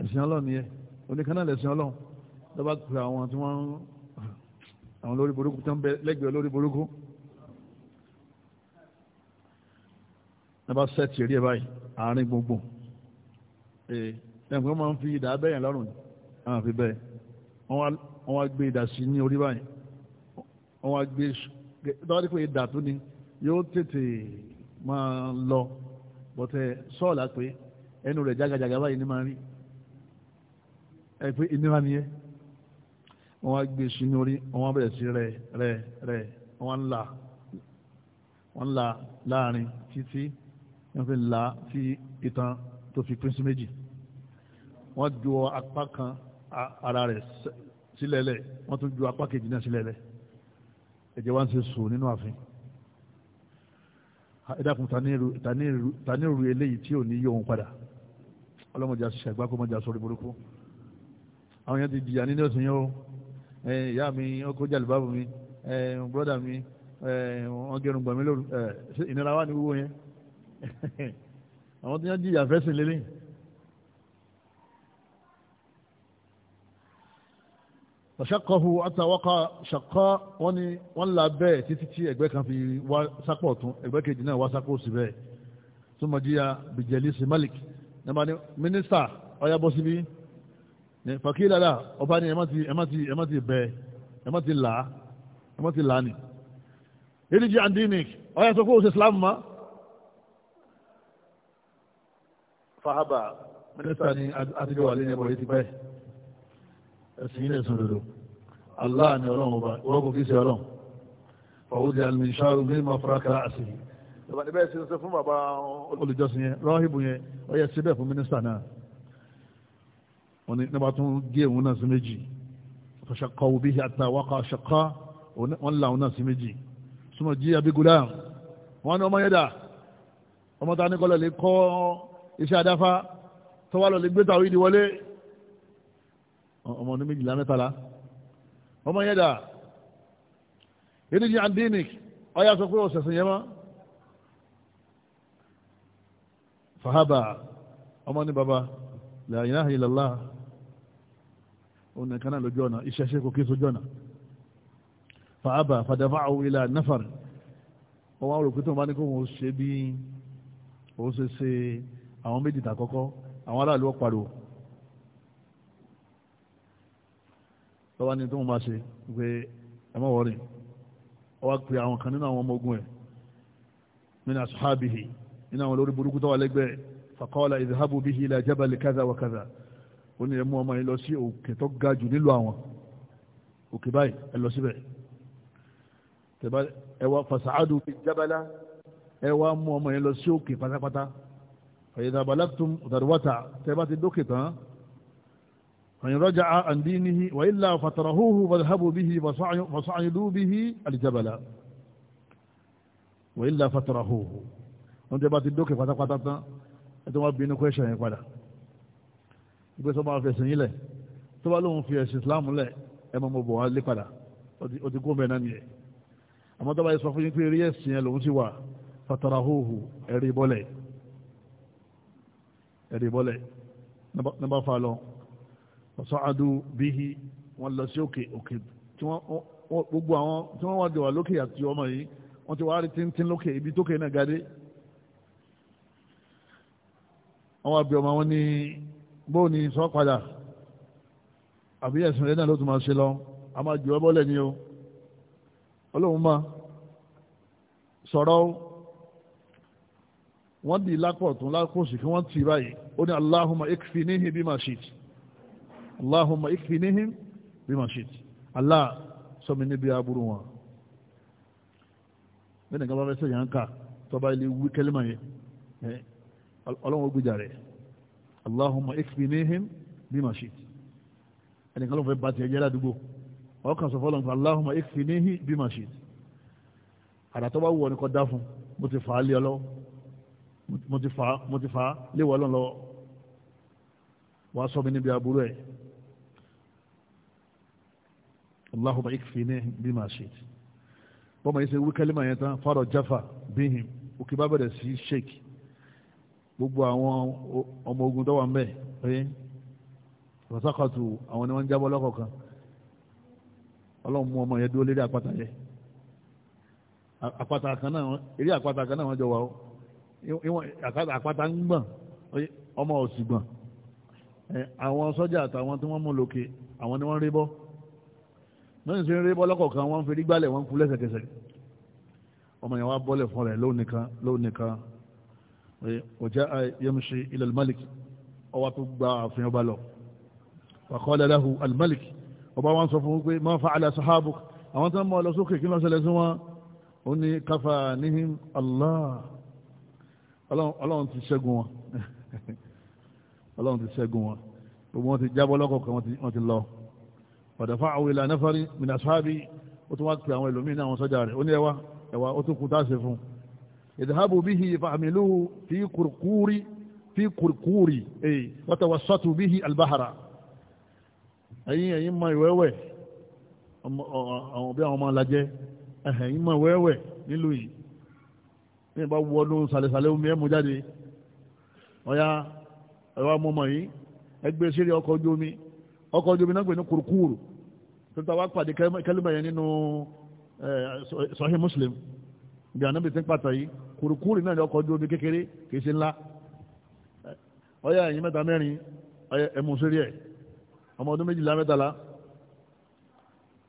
[SPEAKER 1] ẹ̀sìn ọlọ́run yẹn oníkanáà lẹ̀sìn ọlọ́run lọ́ba pè àwọn tí wọ́n àwọn lórí burúkú tó ń bẹ lẹ́gbẹ̀ẹ́ lórí burúkú ẹ bá sẹ́ẹ̀tì rí ẹ báyìí àárín gbogbo ee ẹnìkan máa ń fi ìdá bẹ́yẹn lọ́rùn àwọn àfi bẹ́ẹ̀ wọ́n wá gbé ìdá sí ní orí báyìí wọ́n wá gbé tọ́wọ́ dípò ìdá tó ni yóò tètè máa lọ bọ́tẹ sọ́ọ̀lá pé ẹnu rẹ̀ jágajàga báyìí ní máa rí ẹ pé ìnira nìyẹn wọ́n wá gbé sínú orí wọ́n wá bẹ̀rẹ̀ sí rẹ̀ rẹ̀ rẹ̀ wọ́n ń la wọ́n ń la láàrin títí wọ́n fi la sí itan tó fi pín sí méjì wọ́n ju apá kan ara rẹ̀ sílẹ̀lẹ̀ wọ́n tún ju apá kejì náà sílẹ̀lẹ̀ ẹ̀jẹ̀ wá ń ṣe sùn nínú ààfin ẹ̀dàkùn taníru eléyìí tí ò ní yí òun padà ọlọ́mọdé aṣiṣẹ́ àgbákò mọ́jà sọ̀rọ̀ burúkú àwọn yẹn ti jìyà nínú ẹ̀sìn yẹn o ìyá mi ọkọ̀ jàlùbáàbù mi brọ́dà mi wọ́n gẹrun gbàmí lóru ìnira wà ní wíwó yẹn àwọn tó yẹn jìyà fẹ́sìn lélẹ́yìn. ṣàkọ́hu àtàwọ́kọ́ ṣàkọ́ wọ́n ní wọ́n là bẹ́ẹ̀ títí tí ẹgbẹ́ kan fi wá sápọ̀ tún ẹgbẹ́ kejì náà wá sápọ̀ sí bẹ́ẹ̀ tó mọ̀ jíya bìjẹ̀lì sí malik nígbà ní mínísítà ọ̀yá fàkílàlà ọba ni ẹmọ́ ti bẹ ẹmọ́ ti là ẹmọ́ ti là ní eléjì andinic ọyá sọ pé ó ṣe islam ma fahaba mẹ́ta ni àtijọ́ wà lẹ́yìn ẹ̀bọ̀ yìí ti pẹ́ ẹ̀sìn ilẹ̀ sùn lòdò allah ni ọlọ́run ọba ìwọ́kùn kìí ṣe ọlọ́run fàwùdí alimisharu ní ma fara kara àṣì ìbẹ̀ sí fún bàbá olùjọsìn yẹn rọ́hìbù yẹn ó wọ́n ní nígbà tó ń gé òun náà sí méjì fàṣàkọ òbí àtà wákà ṣàkọ wọ́n là òun náà sí méjì súnmọ́ jí abigula wọ́n ní ọmọ yẹ́dà ọmọ ta ní kọ́ lọ́lẹ́ kọ́ iṣẹ́ adáfá tó wà lọ́lẹ́ gbé tàwí ìdíwọlé ọmọ ní méjìlá mẹ́tàlá ọmọ yẹ́dà ìdíjì àdínì ọyá sọ pé ọ̀sẹ̀sìn yẹn mọ́ fàhábà ọmọ ní baba la ilaha illallah ọ̀nà kan náà lójú ọ̀nà iṣẹ́ ṣe kò kí sójú ọ̀nà fàábà fàdàfàáwò ilà náfàr ọwọ́ àwọn olùkútọ̀ bá ní kó wọ́n ṣe bí ó ṣe ṣe àwọn méjì tàkọ́kọ́ àwọn aráàlú ọ̀pàdò lọ́wọ́ ní tó wọ́n máa ṣe pé ẹ má wọ́rìn ọwọ́ pé àwọn kan nínú àwọn ọmọ ogun ẹ̀ nínú ashabihi nínú àwọn olórí burúkú tó wà lẹ́gbẹ̀ẹ́ faqala idhabu bihi ila jabal kaza wa kaza ó ní ẹ mú ọmọ yín lọ sí òkè tó ga jù nílùú àwọn òkè báyìí ẹ lọ síbẹ̀ ẹ wá fasaadu fi jábálá ẹ wá mú ọmọ yẹn lọ sí òkè pátápátá ọ̀yẹ̀dà balaktum ọ̀dàdúwàtà tẹ́ bá ti dókè tán ọ̀yìn rọ́jà àǹdí níhi wà ilà fàtàràhóhù fàtàhàbò bíhi fàṣàyìndú bíhi àlìjábàlá wà ilà fàtàràhóhù wọ́n tẹ́ bá ti dókè pátápátá tán ẹ tó wá bínú kwẹ́sàn yẹn padà ìgbé sọ máa fẹ̀sìn yín lẹ̀ tó bá lóun fi ẹ̀sìn islam lẹ̀ ẹ máa mọ̀ bọ̀ wá lé padà ó ti gómìnà náà nìyẹn àmọ́ tó bá yẹ sọ fún yín pé eré ẹ̀sìn ẹ̀ lòun ti wà fatarahuhu ẹ̀rí bọ́lẹ̀ ẹ̀rí bọ́lẹ̀ nígbà fa lọ ọ̀sọ́ adu bíhi wọn lọ sí òkè òkè tí wọ́n gbogbo àwọn tí wọ́n wá jọ wà lókè àti ọmọ yìí wọ́n ti wá rí tíntín lókè ibi tókè náà gadé wọ́n wá bí ọmọ wọn ní bó ni sọ padà àbí ẹ̀sìn rẹ̀ náà ló tún máa ṣe lọ a máa jù ọ́ bọ́lẹ̀ ni o ọlọ́run máa sọ̀rọ̀ o wọ́n di lápọ̀ tún lákòsì kí wọ́n ti báyìí ó ní aláhùnmá ikfinihim bima shit aláhùnmá ikfinihim bima shit aláà sọmi níbi aburú wọn bẹ́ẹ̀ nìkan bá fẹ́ sẹ́yìn ká tọ́ba ilé wí kẹ́lẹ́mà yẹn ọlọ́run ó gbìjà rẹ̀. اللهم اكفنيهم بما شئت. ẹnìkan ló fẹ́ bá ti ẹjẹ́ ládùúgbò ọkàn sọ fọ́lọ́n fún Allahumma ikfinihi bima shit àdàtọ́ bá wù ọ ní kọ́ dá fún mo ti fà á lé ọ lọ́wọ́ mo ti fà á lé wọ́ lọ́n lọ́wọ́ wàá sọ mi níbi aburú ẹ̀ Allahumma ikfinihi bima shit bọ́mọ̀ yìí ṣe wí kẹ́límà yẹn tán fọ́rọ̀ jáfà bíhìm òkè bá bẹ̀rẹ̀ sí sheikh gbogbo àwọn ọmọ ogun tó wà ń bẹ̀ pé rọ̀sákàtù àwọn ni wọ́n ń jábọ́ lọ́kọ̀ọ̀kan ọlọ́run mú ọmọ yẹn dúró lérí àpáta yẹn àpáta kan náà eré àpáta kan náà wọ́n jọ wà ó ìwọ̀n àpáta ń gbọ̀n ọmọ òsì gbọ̀n àwọn sọ́jà àtàwọn tí wọ́n mú lókè àwọn ni wọ́n rí bọ́ lọ́yìn sí rí bọ́ lọ́kọ̀ọ̀kan wọ́n fi rí gbálẹ̀ wọ́n kú lẹ́sẹ̀kẹsẹ̀ ọmọ yẹn wá bọ́lẹ̀ fún rẹ̀ lónìkan lónìkan ọjá yẹmṣe ilẹ̀ almalik ọwá tó gba àfihàn ọba lọ wàkọ́lẹ̀ lahu almalik ọba wọn sọ fún wípé ma fa'ala sahabuk àwọn tó ń mọ́ lọ sókè kí lọ́sẹ̀lẹ̀ sí wọn ó ní kafa níhìn allah ọlọ́run ti ṣẹ́gun wọn ọlọ́run ti ṣẹ́gun wọn gbogbo wọn ti jábọ́ lọ́kọ̀ọ̀kan wọn ti lọ ọ̀dọ̀fà àwọn ìlànà fárí min ashabi ó tún wá pe àwọn ẹlòmíràn àwọn sọ́jà rẹ̀ ó ní ẹwà ẹwà ó tún kú táṣe fún un idhabu bihi fa'amiluhu fi kurkuri fi kurkuri ee watawassatu bihi albahara ẹ̀yin ẹ̀yin ma ìwẹ́wẹ́ àwọn bí àwọn ọmọ alajẹ́ ẹ̀yin ma ìwẹ́wẹ́ nílùú yìí ní ìbá wọ ọdún sàlẹ̀sàlẹ̀ omi ẹ̀mú jáde ọ̀ya ẹ̀wà mọ́mọ́ yìí ẹgbẹ́ sírí ọkọ̀ ojú omi ọkọ̀ ojú omi náà gbé ní kurkuru tó ta wá pàdé kẹlẹ́mẹ̀ yẹn nínú sahih muslim bí ànábì tí ń pàtà yìí kùrùkùrù náà lọ́kọ̀ ojú omi kékeré kìí ṣe ńlá ọyá ẹ̀yìn mẹ́ta mẹ́rin ẹ̀mú sórí ẹ̀ ọmọ ọdún méjìlá mẹ́tàlá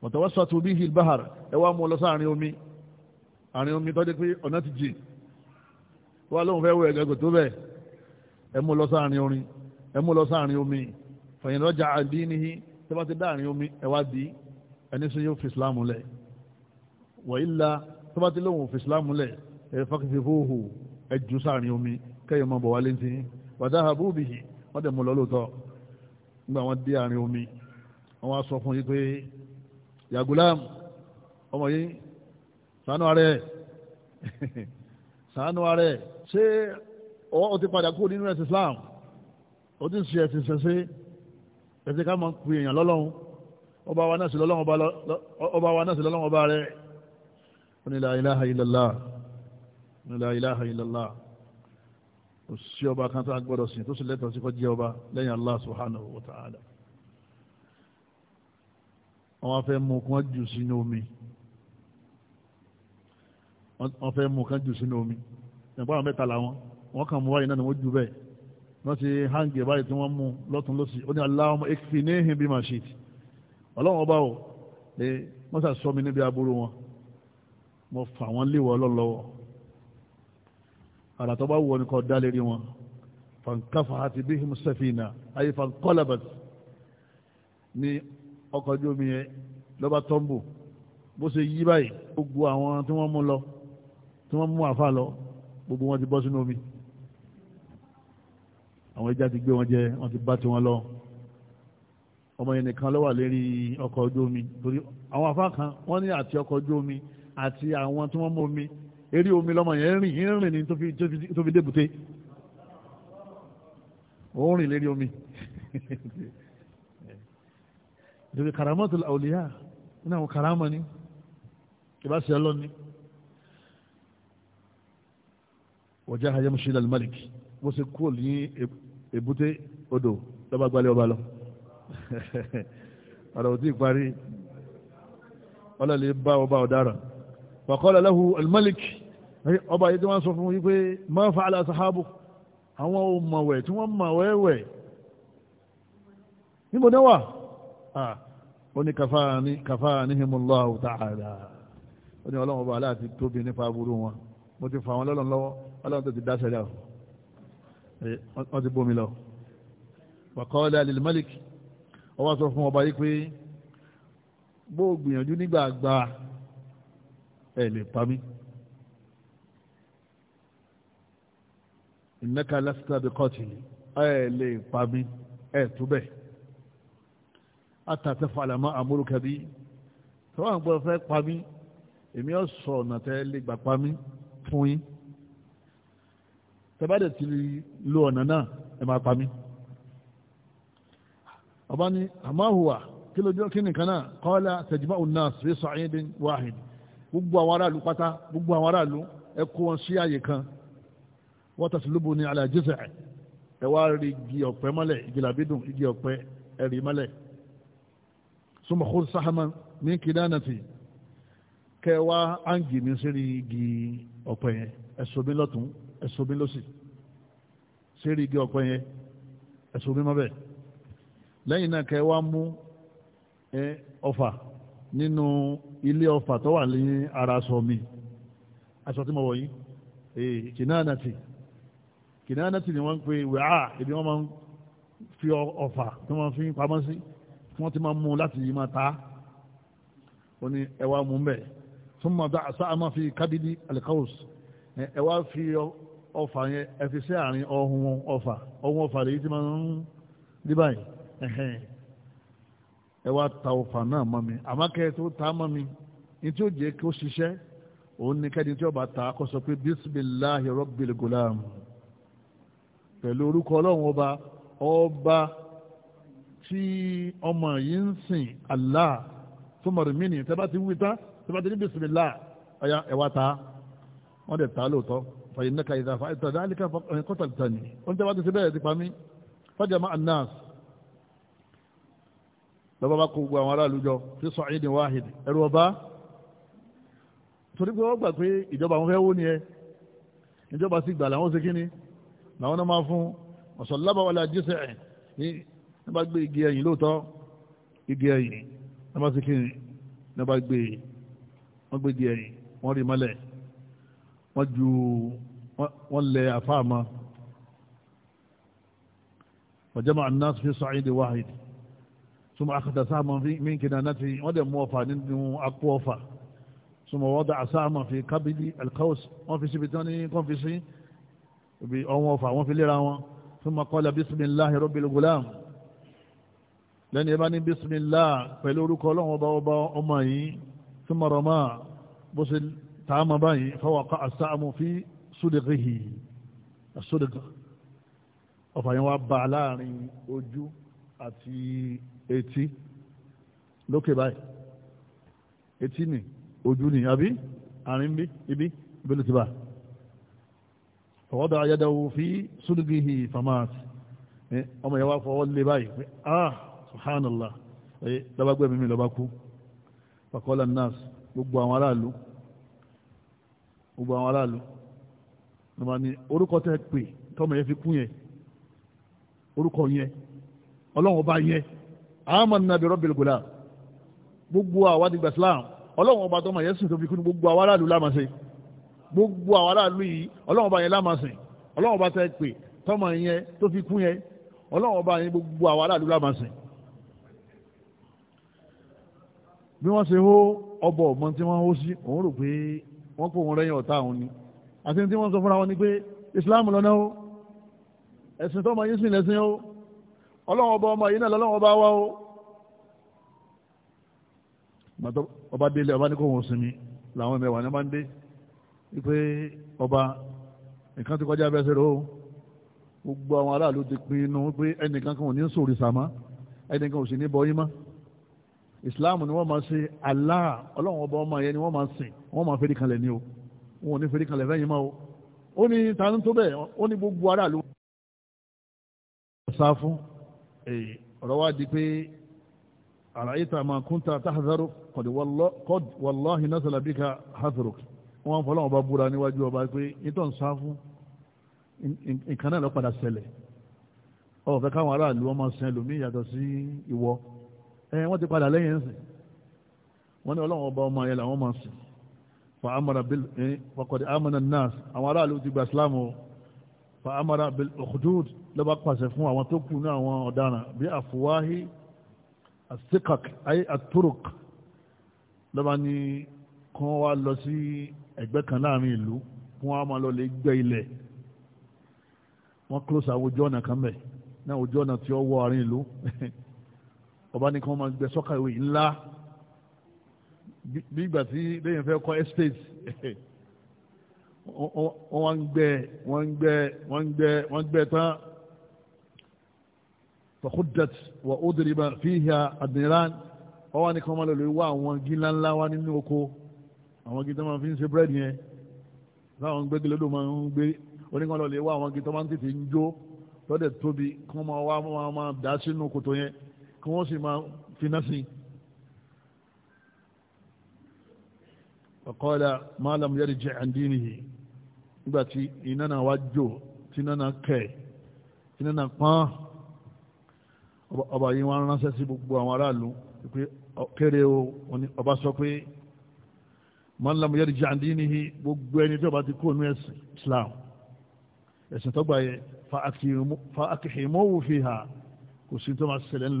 [SPEAKER 1] mọ̀tàwọ́sọ̀tù bí hill bahar ẹ wá mú lọ sáàrin omi àrin omi tọ́jú pé ọ̀nà ti jìn wá lóun fẹ́ wọ ẹ̀gẹ́gò tó bẹ̀ ẹ mú lọ sáàrin orin ẹ mú lọ sáàrin omi fẹ̀yìn lọ́jà àdí níhi tó bá ti dáàrin omi ẹ wá di ẹni sún yóò fi islam lẹ̀ wọ̀ ilà tó bá ti lóhùn òfin islam lẹ̀ ẹ fàkìsì fóòhù ẹ jù sáàrin omi kẹyọ máa bọ̀ wá létí wàdà àbúbì wọ́n dẹ̀ mú lọ lóòótọ́ nígbà wọ́n dé àárín omi wọ́n á sọ fún yí pé yàgùlám ọmọ yìí sànú ààrẹ sànú ààrẹ ṣé ọwọ́ ti padà kú nínú ẹ̀sìn islam ó ti ń ṣe ẹ̀sìn ṣẹ̀ṣẹ̀ ẹ̀sìn ká máa ń pè èèyàn lọ́lọ́run ọba wa náà sì lọ́lọ́run ọba rẹ̀ ó ní la ilaha illallah ní la ilaha illallah kò sí ọba kan tó gbọ́dọ̀ sìn tó sì lẹ́tọ̀ọ́ sí kó jẹ́ ọba lẹ́yìn Allah subhanahu wa ta'ala wọ́n fẹ́ mú kan jù sínú omi wọ́n fẹ́ mú kan jù sínú omi ẹ̀pọ̀ àwọn mẹ́ta làwọn wọ́n kàn mú wáyé náà ni wọ́n jù bẹ́ẹ̀ wọ́n ti hangi e báyìí tí wọ́n mú lọ́tún lọ́sì ó ní Allahumma ikfinihim bima shi'ta ọlọ́run ọba ò wọ́n sà sọ mi níbi aburú wọn mo fà wọ́n léwọ́ lọ́lọ́wọ́ àrà tó bá wọ ní kọ́ dá lérí wọn fankafa àti bihim safina ayé fankọ́lẹ̀bẹ̀t ní ọkọ̀ ojú omi yẹn lọ́ba tọ́ḿbù bó ṣe yí báyìí gbogbo àwọn tí wọ́n mú lọ tí wọ́n mú àfa lọ gbogbo wọn ti bọ́ sínú omi àwọn ẹja ti gbé wọn jẹ wọn ti bá tiwọn lọ ọmọ yẹn nìkan ló lérí ọkọ̀ ojú omi torí àwọn afá kan wọ́n ní àti ọkọ̀ ojú omi àti àwọn tí wọ́n mú omi eré omi lọ́mọ yẹn rìn yín rìn ní tó fi débùté ó rìn lérí omi lórí karamọ́tò àwòlíyà nínú àwọn karamọ́ ni kìbá sí ọlọ́ni wọ́jà ayémúṣe ilẹ̀ malik bó ṣe kúrò ní èbúté odò lọ́ba gbalẹ̀ ọba lọ ọ̀rọ̀ ò tí ọlọ́lẹ̀ bá ọba ọ̀daràn wàkọ́lá lẹ́hu al-malik ọba yìí tí wọ́n sọ fún yí pé ma fa'ala sahabu àwọn òmọ̀wẹ̀ tí wọ́n mọ̀ wẹ́wẹ̀ níbo ní wà ó ní kafanihimullahu ta'ala ó ní ọlọ́run ọba aláàtí tóbi nípa aburú wọn mo ti fà wọn lọ́lọ́n lọ́wọ́ ọlọ́run tó ti dá sẹ́lẹ̀ wọ́n ti bómi lọ wàkọ́lá lil ọwọ́ sọ fún ọba yìí pé bó gbìyànjú nígbàgbà ẹ lè pa mí. ìnáka lásìkò àbíkọ́tì ẹ lè pa mí ẹ tó bẹ́ẹ̀. àtàtẹ́ falàmọ́ àmúrúkẹ́bí tọ́wọ́n gbọ́dọ̀ fẹ́ pa mí èmi ọ̀ sọ ọ̀nà tẹ́ lè gbà pa mí fún yín tẹ́bàdẹ̀ ti lo ọ̀nà náà ẹ máa pa mí ọba ni àmáhùwà kí ló jọ kí nìkan náà kọ́lá tẹ̀jìmá òun náà sí sọ àyíndín wáhìndín gbogbo àwọn aráàlú pátá gbogbo àwọn aráàlú ẹ kó wọn sí àyè kan wọ́n tàṣí lóbo ní aláàjẹsẹ̀ ẹ wá rí igi ọ̀pẹ mọ́lẹ̀ igi làbídùn igi ọ̀pẹ ẹ rí mọ́lẹ̀ súnmọ́ kó sáhámà ní kìdánàtì kẹ wá áǹgì mi sírí igi ọ̀pẹ yẹn ẹ̀sọ́ lọ́tún ẹ̀sọ́ lọ́sì sírí igi ọ̀pẹ yẹn ẹ̀sọ́ mọ́bẹ̀ lẹ́yìn náà kẹ wá mú ọfà. Eh, nínú ilé ọfà tó wà ní ara aṣọ mi aṣọ tí mo wọ̀ yìí ee eh, kìnnáàtì kìnnáàtì ni wọ́n ń pe wẹ́à ibi ah, wọ́n máa ń fi ọfà tí wọ́n fi pamọ́ sí tí wọ́n ti máa ń mú láti yìí máa ta ó ní ẹwà mú bẹ́ẹ̀ fún mọ̀dá àsáàmà fi kábídí alikaus ẹwà fi ọfà yẹn ẹ sí àárín ọ̀hún ọfà ọ̀hún ọfà rèé tí máa ń dí báyìí ẹ wá ta ọfà náà mọ́ mi àmọ́ kẹ́ ẹ tó ta mọ́ mi ní tí ó jẹ́ kó ṣiṣẹ́ òun ni kẹ́ni tí ó ta kó sọ pé bisimilahi rabbil gulam pẹ̀lú orúkọ ọlọ́run ọba ọba tí ọmọ yìí ń sìn Allah túmọ̀rì mí ni tẹ́ bá ti wí tán tẹ́ ti ní bisimilá ọ̀yà ẹ wá ta wọ́n dẹ̀ ta lóòótọ́ fàyín náà kàyíká fàyín tàdá àlíkà kọ́tàlítà ni wọ́n tẹ́ ti ṣe bẹ́ẹ̀ ti pa mí fàjà máa lọ́ba bá kó gbogbo àwọn aráàlú jọ fi sa'idin wahid ẹ̀rù ọba torí pé wọ́n gbà pé ìjọba àwọn fẹ́ wó ni ẹ ìjọba sì gbà làwọn ṣe kí ni làwọn náà máa fún ọ̀sán lábàá wàlẹ̀ ẹ̀ ní nípa gbé igi ẹ̀yìn lóòótọ́ igi ẹ̀yìn nípa ṣe kí ni nípa gbé wọ́n gbé igi ẹ̀yìn wọ́n rí mọ́lẹ̀ wọ́n ju wọ́n lẹ àfáàmọ́ ọ̀jọ́ máa ná fi sa'idin wahid súnmọ́ akata sáàmù mí kìnnà náà ti wọ́n dẹ̀ mú ọfà nínú akó ọfà súnmọ́ wọ́n dà sáàmù fi kábílì alkaus wọ́n fi síbi tán ní kọ́fíìsì ibi ọwọ́n ọfà wọ́n fi léra wọn súnmọ́ kọ́lá bisimilahi rabbil gulam lẹ́ni ẹ bá ní bisimilá pẹ̀lú orúkọ ọlọ́run ọba ọba ọmọ yìí súnmọ́ rọ́mà bó ṣe tààmà báyìí fọwọ́kọ́ àsáàmù fi súdìkìhì àsódìkà ọfà yẹn wá bá láàrin ojú àti etí lókè báyìí etí ni ojú ni àbí àárín bí ibi ibi ló ti bá ọ̀wọ́dọ̀ ayádáwò fi súdùgìhì famasi ọmọ yẹn wá fọwọ́ lé báyìí pé ah subhanallah ẹ lọ́bàgbẹ́ mímí lọ́bà kú fakọ́lá nas gbogbo àwọn aráàlú gbogbo àwọn aráàlú lọ́bà ní orúkọ tẹ́ pè tọ́mọ yẹn fi kú yẹn orúkọ yẹn ọlọ́run ọba yẹn amanna bi rabbil gulam gbogbo àwa ti gba islam ọlọ́run ọba tó ma yẹ́sùn tó fi kú ní gbogbo àwa aráàlú lámàṣe gbogbo àwa aráàlú yìí ọlọ́run ọba yẹn lámàṣe ọlọ́run ọba tẹ pé tọ́mọ yẹn tó fi kú yẹn ọlọ́run ọba yẹn gbogbo àwa aráàlú lámàṣe. bí wọ́n ṣe hó ọbọ̀ ọmọ tí wọ́n hó sí òun rò pé wọ́n kó òun rẹ́yìn ọ̀tá òun ni àti tí wọ́n sọ fúnra wọn ni pé islam lọ́nà ó ẹ̀sìn tọ́mọ yín sìn lẹ́sìn ó ọlọ́run ọba ọmọ yìí náà lọ́lọ́run ọba wá o ọba délé ọba ní kò wọ́n sinmi làwọn mẹ́wàá ní máa ń dé wípé ọba nǹkan ti kọjá bẹ́ẹ̀ sẹ́rọ o gbogbo àwọn aráàlú ti pinnu wípé ẹnìkan kan ò ní sòrì sàmá ẹnìkan ò sì ní bọyí mọ́ ìsìláàmù ni wọ́n máa ṣe Allah ọlọ́run ọba ọmọ yẹn ni wọ́n máa sìn wọ́n máa fẹ́rí kanlẹ̀ ni o wọn ò ní fẹ́rí kanlẹ̀ fẹ́yìn mọ́ o ó ní ta ló tó bẹ́ẹ̀ ó ní gbogbo aráàlú sá Eh, ọ̀rọ̀ wá di pé àràyíta ma kúnta táhàzárò kọ́d wàláhì násàlà bí ka hàzárò wọ́n fọ́lọ́ ọba búra níwájú ọba pé nítọ́ ń sá fún nǹkan náà lọ padà ṣẹlẹ̀ ọ̀fẹ́ káwọn aráàlú wọn máa sin ẹlòmíì yàtọ̀ sí ìwọ ẹ wọ́n ti padà lẹ́yìn ẹ̀sìn wọ́n ní ọlọ́run ọba ọmọ ayẹlẹ àwọn máa sìn fa amara bil ẹ eh, fakọ̀dé amana nas àwọn aráàlú ti gba islam o fa amara bil ọ̀kùdúdù ló bá pàṣẹ fún àwọn tó kù ní àwọn ọ̀daràn bí àfúwáhí àsíkàk ayé àtúrùk ló bá ní kí wọ́n wá lọ sí ẹgbẹ́ kan láàrin ìlú kí wọ́n á máa lọ lè gbẹ́ ilẹ̀ wọ́n close àwọn ojú ọ̀nà kan bẹ̀ náà ojú ọ̀nà tí ó wọ àárín ìlú ọba ní kí máa gbẹ́ sọ́kà ìwé ńlá bí ìgbà tí lẹ́yìn fẹ́ kọ́ estate wọ́n ń gbẹ́ wọ́n ń gbẹ́ wọ́n ń gbẹ́ wọ́n ń gbẹ́ tán fọ̀kúdẹ̀t wọ ódìrìbà fíhà àdìrán wọ́n wá ní kọ́ máa lọ lè wá àwọn igi ńláńlá wá nínú oko àwọn igi tó máa fi ń ṣe búrẹ́dì yẹn láwọn gbégi lódò máa ń gbé oníkan lọ wá àwọn igi máa ń tètè ń jó lọ́dẹ̀ tóbi kí wọ́n máa wá máa dá sínú kòtò yẹn kí wọ́n sì máa finá sí i. ọ̀kọ́dà yẹ́rì jẹ́ àǹdínì yìí nígbà tí iná náà wá jò tí iná náà kẹ̀ tí iná náà pọ́n ọba yìí wọ́n ránṣẹ́ sí gbogbo àwọn aráàlú pé kéré o ọba sọ pé man lam yarji an dinihi gbogbo ẹni tí ọba ti kó nú ẹ̀sìn Islam ẹ̀sìn tọ́gbà yẹ fa akhimuhu fiha kò sí tó máa ṣẹlẹ̀ ń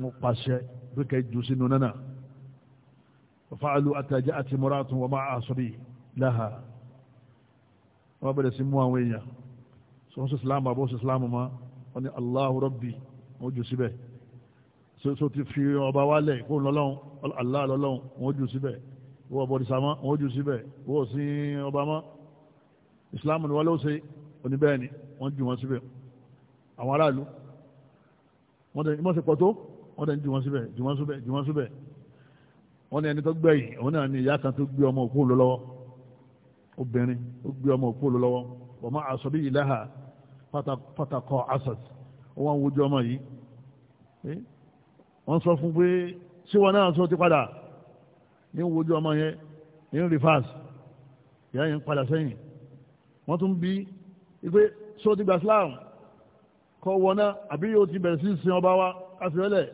[SPEAKER 1] lu pàṣẹ bí kẹ́ jù sínú náà fa alu àtàjẹ́ àti mọ́ràtún wọ́n máa àṣọrí láha wọ́n bẹ̀rẹ̀ sí mú àwọn èèyàn sọ́n Islam àbọ̀ sí Islam máa wọ́n ní Allahu Rabbi wọ́n jù síbẹ̀ so ti fi ọba wálẹ̀ kó lọ́lọ́run Allah lọ́lọ́run wọ́n jù síbẹ̀ wọ́n bọ̀dìsàmọ́ wọ́n jù síbẹ̀ wọ́n sí ọba mọ́ Islam ni wọ́n ló ṣe oníbẹ̀ẹ́ni wọ́n jù wọ́n síbẹ̀ àwọn aráàlú wọ́n tẹ̀ ìmọ̀sẹ̀ pọ̀ tó wọ́n tẹ̀ ń jù wọ́n síbẹ̀ jù wọ́n síbẹ̀ jù wọ́n síbẹ̀ wọ́n ní ẹni tó gbẹ̀yìn òun náà ni ìyá kan tó gbé ọmọ òkú lọ́wọ́ obìnrin ó gbé ọmọ òkú lọ́wọ́ wọ́n máa sọ bí ìlàhà pátákọ asset wọ́n wojú ọmọ yìí eh? wọ́n sọ fún pé ṣé wọn náà sọ ti padà ní wojú ọmọ yẹn ní rivers ìyá yẹn ń padà sẹ́yìn wọ́n tún bí pé sọ ti gbà Islam kọ́ wọn náà àbí yóò ti bẹ̀rẹ̀ sí sin ọba wa káfíọ́lẹ̀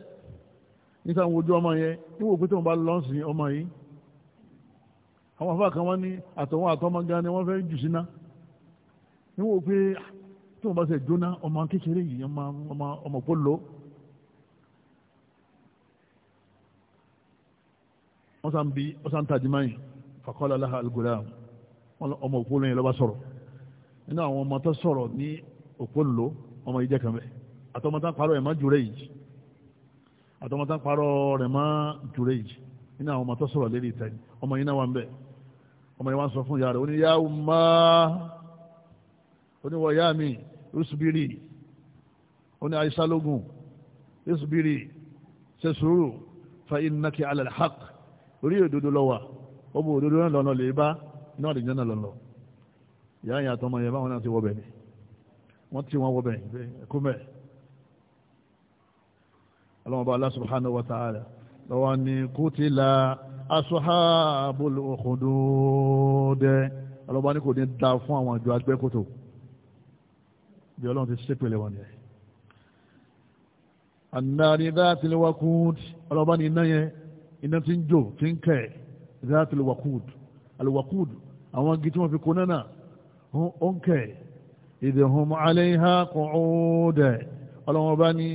[SPEAKER 1] níta wojú ọmọ yẹn níwò pé tí wọ́n bá lọ́sìn ọmọ yìí àwọn afáàkàn wọn ní àtọ̀wọ́n àtọ́mọ́gá ni wọ́n fẹ́ jù síná níwò pé tí wọ́n bá ṣe jóná ọmọ kékeré yìí ọmọ ọmọ ọmọ kó lọ. wọ́n sàn bí wọ́n sàn tajima yìí fakọ́lá aláha alugolá ọmọ òpólò yẹn lọ́ba sọ̀rọ̀ nínú àwọn ọmọ tó sọ̀rọ̀ ní òpólò ọmọ yìí jẹ́ kan bẹ́ẹ̀ àtọmọtán parọ́ ẹ̀ má jùrẹ́ yìí àtọmọtán parọ́ rẹ̀ má jùrẹ́ yìí nínú àwọn ọmọ tó sọ̀rọ̀ lérí ìtàn ọmọ yìí náà wà ń bẹ̀ ọmọ yìí wá sọ fún ìyá ó ní yá ó máa oníwọ̀yá mi ìsubiri oní àìsálógún ìsubiri ṣe sùúrù fa innaki ala al-haq orí òdodo lọ́wà ọmọ òdodo náà lọ́nà lè bá iná àdìjẹ́ náà lọ́nà ìyá ìyá àtọmọ yẹn báwọn náà ti wọ́bẹ̀ ni wọ́n ti wọ́n wọ́bẹ̀ kúmẹ̀ ọlọ́mọba Allah subhanahu wa ta'ala lọ́wọ́ ni kutila ashabul ukhdud ọlọ́mọba ní kò ní da fún àwọn àjọ agbẹ́kòtò bí ọlọ́run ti ṣépèlè wọn ni ànàrí dáàtìlẹ̀ wakúd ọlọ́ba ní iná yẹn iná ti ń jò ti ń kẹ̀ dáàtìlẹ̀ wakúd alwakúd àwọn igi tí wọ́n fi kó náà ó ń kẹ̀ ìdèhùn aléhà kọ̀ọ̀dẹ̀ ọlọ́wọ́n bá ní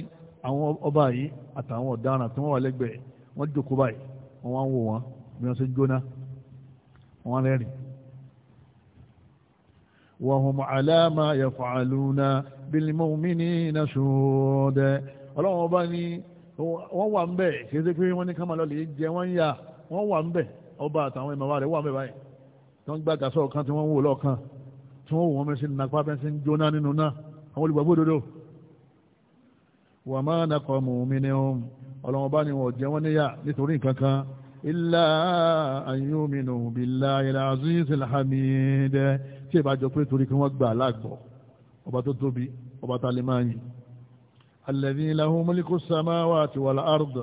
[SPEAKER 1] àwọn ọba yìí àtàwọn ọ̀daràn tí wọ́n wà lẹ́gbẹ̀ẹ́ wọ́n jókòó báyìí wọ́n wá ń wò wọ́n bí wọ́n ṣe ń jóná wọ́n rẹ́rìn وهم على ما يفعلون بالمؤمنين شهود ọlọ́run ọba ni wọ́n wà ń bẹ̀ kìí ṣe pé wọ́n ní ká máa lọ lè jẹ wọ́n ya wọ́n wà ń bẹ̀ ọba àtàwọn ìmọ̀wá rẹ̀ wà ń bẹ̀ báyìí wọ́n gbàgà kan tí wọ́n wò lọ́ọ̀kan tí wọ́n wò wọ́n mẹ́sìn nàpá ń jóná nínú náà àwọn ni ọba ni wọ́n jẹ wọ́n níyà nítorí nǹkan kan tí ìbájọ pé torí kí wọ́n gbà láàgbọ́ ọba tó tóbi ọba tá a lè máa yìn alladhi lahu mulku samawati wal ard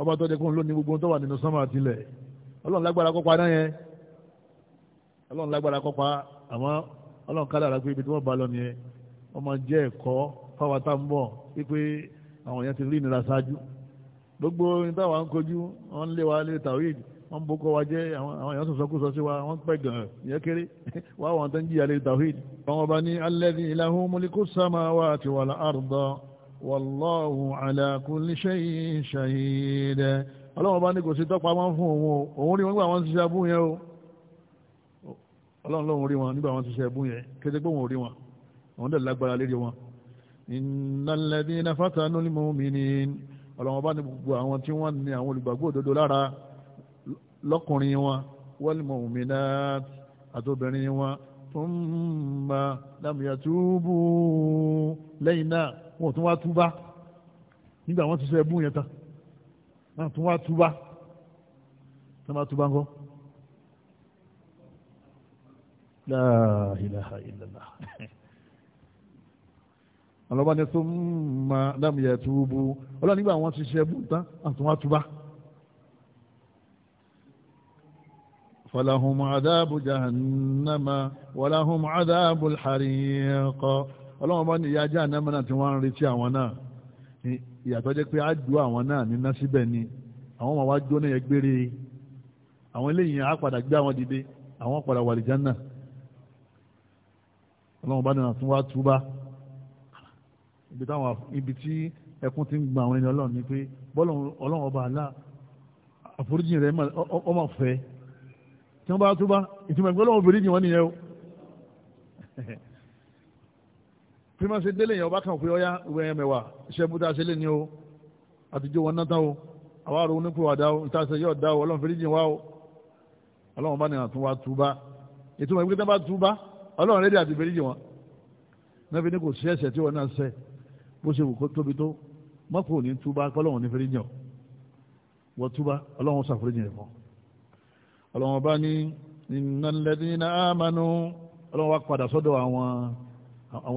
[SPEAKER 1] ọba tó dẹkùn lónìí gbogbo tó wà nínú sánmà àtìlẹ̀ ọlọ́run lágbára kọ́pa náà yẹn ọlọ́run lágbára kọ́pa àmọ́ ọlọ́run kálá àrà pé ibi tí wọ́n bá lọ nìyẹn wọ́n máa jẹ́ ẹ̀kọ́ fáwọn tá ń bọ̀ wípé àwọn yẹn ti rí ìnira ṣáájú gbogbo ní ń kojú wọ́n ń lé wa lé tàwíìdì wọ́n bó kọ́ wa jẹ́ àwọn èèyàn sọ̀sọ́ kú sọ sí wa wọ́n pẹ́ gan-an ìyẹn kéré wá wọn tó ń jìyà lè tawhid. àwọn ọba ní alladhi lahu mulku samawati wal arda wallahu ala kulli shay'in shahid. ọlọ́wọ́n bá ní kò sí tọ́pa máa ń fún òun o òun rí wọn nígbà wọn ti ṣe abú yẹn o ọlọ́run rí wọn nígbà wọn ti ṣe abú yẹn kété pé rí wọn òun lọ́kùnrin wọn wal mu'minat àtòbìnrin wọn thumma lam yatubu lẹ́yìn náà wọ́n tún wá túbá nígbà wọ́n ti sọ ẹbú yẹn tán wọ́n tún wá túbá tán bá túbá ńkọ́. la ilaha illallah ọlọ́ba ni thumma lam yatubu ọlọ́ba nígbà wọ́n ti sọ ẹbú tán wọ́n tún wá túbá. فلهم عذاب جهنم ولهم عذاب الحريق ọlọ́run bá ní ìyà jahannama náà tí wọ́n ń retí àwọn náà ìyàtọ̀ jẹ́ pé àjò àwọn náà níná síbẹ̀ ni àwọn ọmọ wa jóná yẹn gbére àwọn eléyìí á padà gbé àwọn dìde àwọn padà wà lìjánà ọlọ́run bá nínú àtúnwá túbá ibi tí ẹkún ti ń gba àwọn ẹni ọlọ́run ni pé bọ́lọ̀ ọlọ́run ọba àlá àforíjì rẹ̀ ọmọ fẹ́ẹ́ tí wọ́n bá túbá ìtumọ̀ ìpínlẹ̀ wọn bèrè jì wọ́n nìyẹn o pímọ̀sí délé yẹn ọba kan pé ọyá ìwé ẹ̀yẹ mẹ́wàá iṣẹ́ búta ṣe lé ní o àtijọ́ wọn náà o àwa ro onípò àdá o ìtàṣẹ yóò dá o ọlọ́run fèrè jì wá o ọlọ́run bá ní àtún wa túbá ìtumọ̀ ìpínlẹ̀ bá túbá ọlọ́run rédí àti fèrè jì wọn náà fi ní kò sí ẹ̀ṣẹ̀ tí wọn náà ṣẹ̀ bó ṣe wù kó tóbi tó mọ́kò ní túbá kọ́lọ́run ní fèrè jì wọn túbá ọlọ́run ṣàforíjì rẹ̀ fún ọ ọlọ́wọ́n bá ní innal ladina amanu ọlọ́wọ́n wá padà sọ́dọ̀ àwọn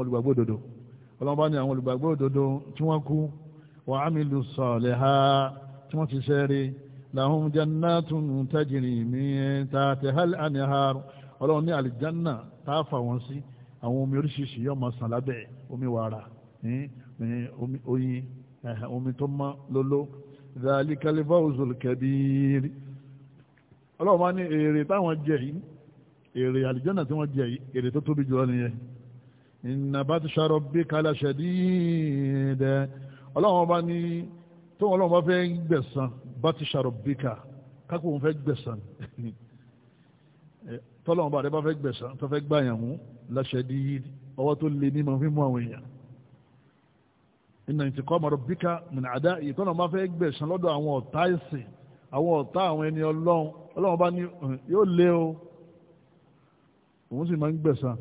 [SPEAKER 1] olùgbàgbọ́ òdodo ọlọ́wọ́n bá ní àwọn olùgbàgbọ́ òdodo tí wọ́n kú wa amilu salihat tí wọ́n ti sẹ́rí lahum jannatun tajri min tahtiha al-anhar ọlọ́wọ́n ní àlìjánà tá a fà wọ́n sí àwọn omi oríṣiríṣi yóò máa sàn lábẹ́ omi wàrà oyin omi tó mọ́ lóló ọlọ́run bá ní èrè táwọn jẹ yìí èrè àlìjọ́nà tí wọ́n jẹ yìí èrè tó tóbi jù lọ nìyẹn ìnàbá ti ṣàrọ̀ bí kálá ṣẹ̀díìdẹ ọlọ́run bá ní tó wọn ọlọ́run bá fẹ́ gbẹ̀sán bá ti ṣàrọ̀ bí ká kápò òun fẹ́ gbẹ̀sán tọ́lọ́run bá rẹ bá fẹ́ gbẹ̀sán tó fẹ́ gbàyàn mú láṣẹ̀díìdì ọwọ́ tó le ní ma fi mú àwọn èèyàn ìnà ìtìkọ́ ọmọ bí ká mìnà àdá ìtọ́nà bá fẹ́ gbẹ̀sán lọ́dọ̀ àwọn ọ̀tá ẹ̀sìn àwọn ọ̀tá àwọn ẹni ọlọ́run ọlọ́run bá ní yóò lé o òun sì máa ń gbẹ̀san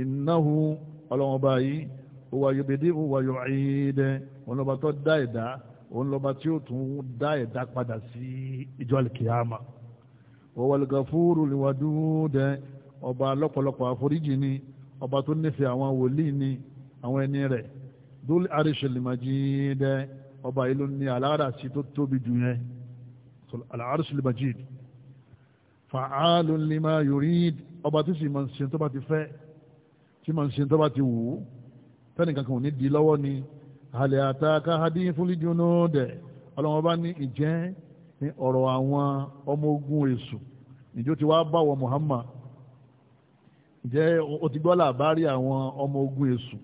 [SPEAKER 1] ìnáhu ọlọ́run bá yìí òwà yòbèdè òwà yòbèdè òun lọ́ba tó dá ẹ̀dá òun lọ́ba tí ó tún dá ẹ̀dá padà sí ìjọ alìkìyàmà òwà lùgàfúrù lìwàdúdẹ ọba lọ́pọ̀lọpọ̀ àforíjì ni ọba tó nífẹ̀ẹ́ àwọn wòlíì ni àwọn ẹni rẹ̀ dúlẹ̀ àríṣẹ̀lìmàjì dẹ́ ọba yìí ló ní aláràsí tó tóbi jù yẹn alárùsùlù majid fa'alun lima yurid ọba tó sì máa ń ṣe tó bá ti fẹ́ tí máa ń ṣe tó bá ti wù ú tẹ́nìkan kan ò ní di lọ́wọ́ ni àlẹ́ àtàkà hadíyìn fún dẹ̀ ọlọ́wọ́n bá ní ìjẹ́ ní ọ̀rọ̀ àwọn ọmọ ogun èṣù ìjó ti wá báwọ̀ Muhammad ìjẹ́ ó ti gbọ́ làbárí àwọn ọmọ ogun èṣù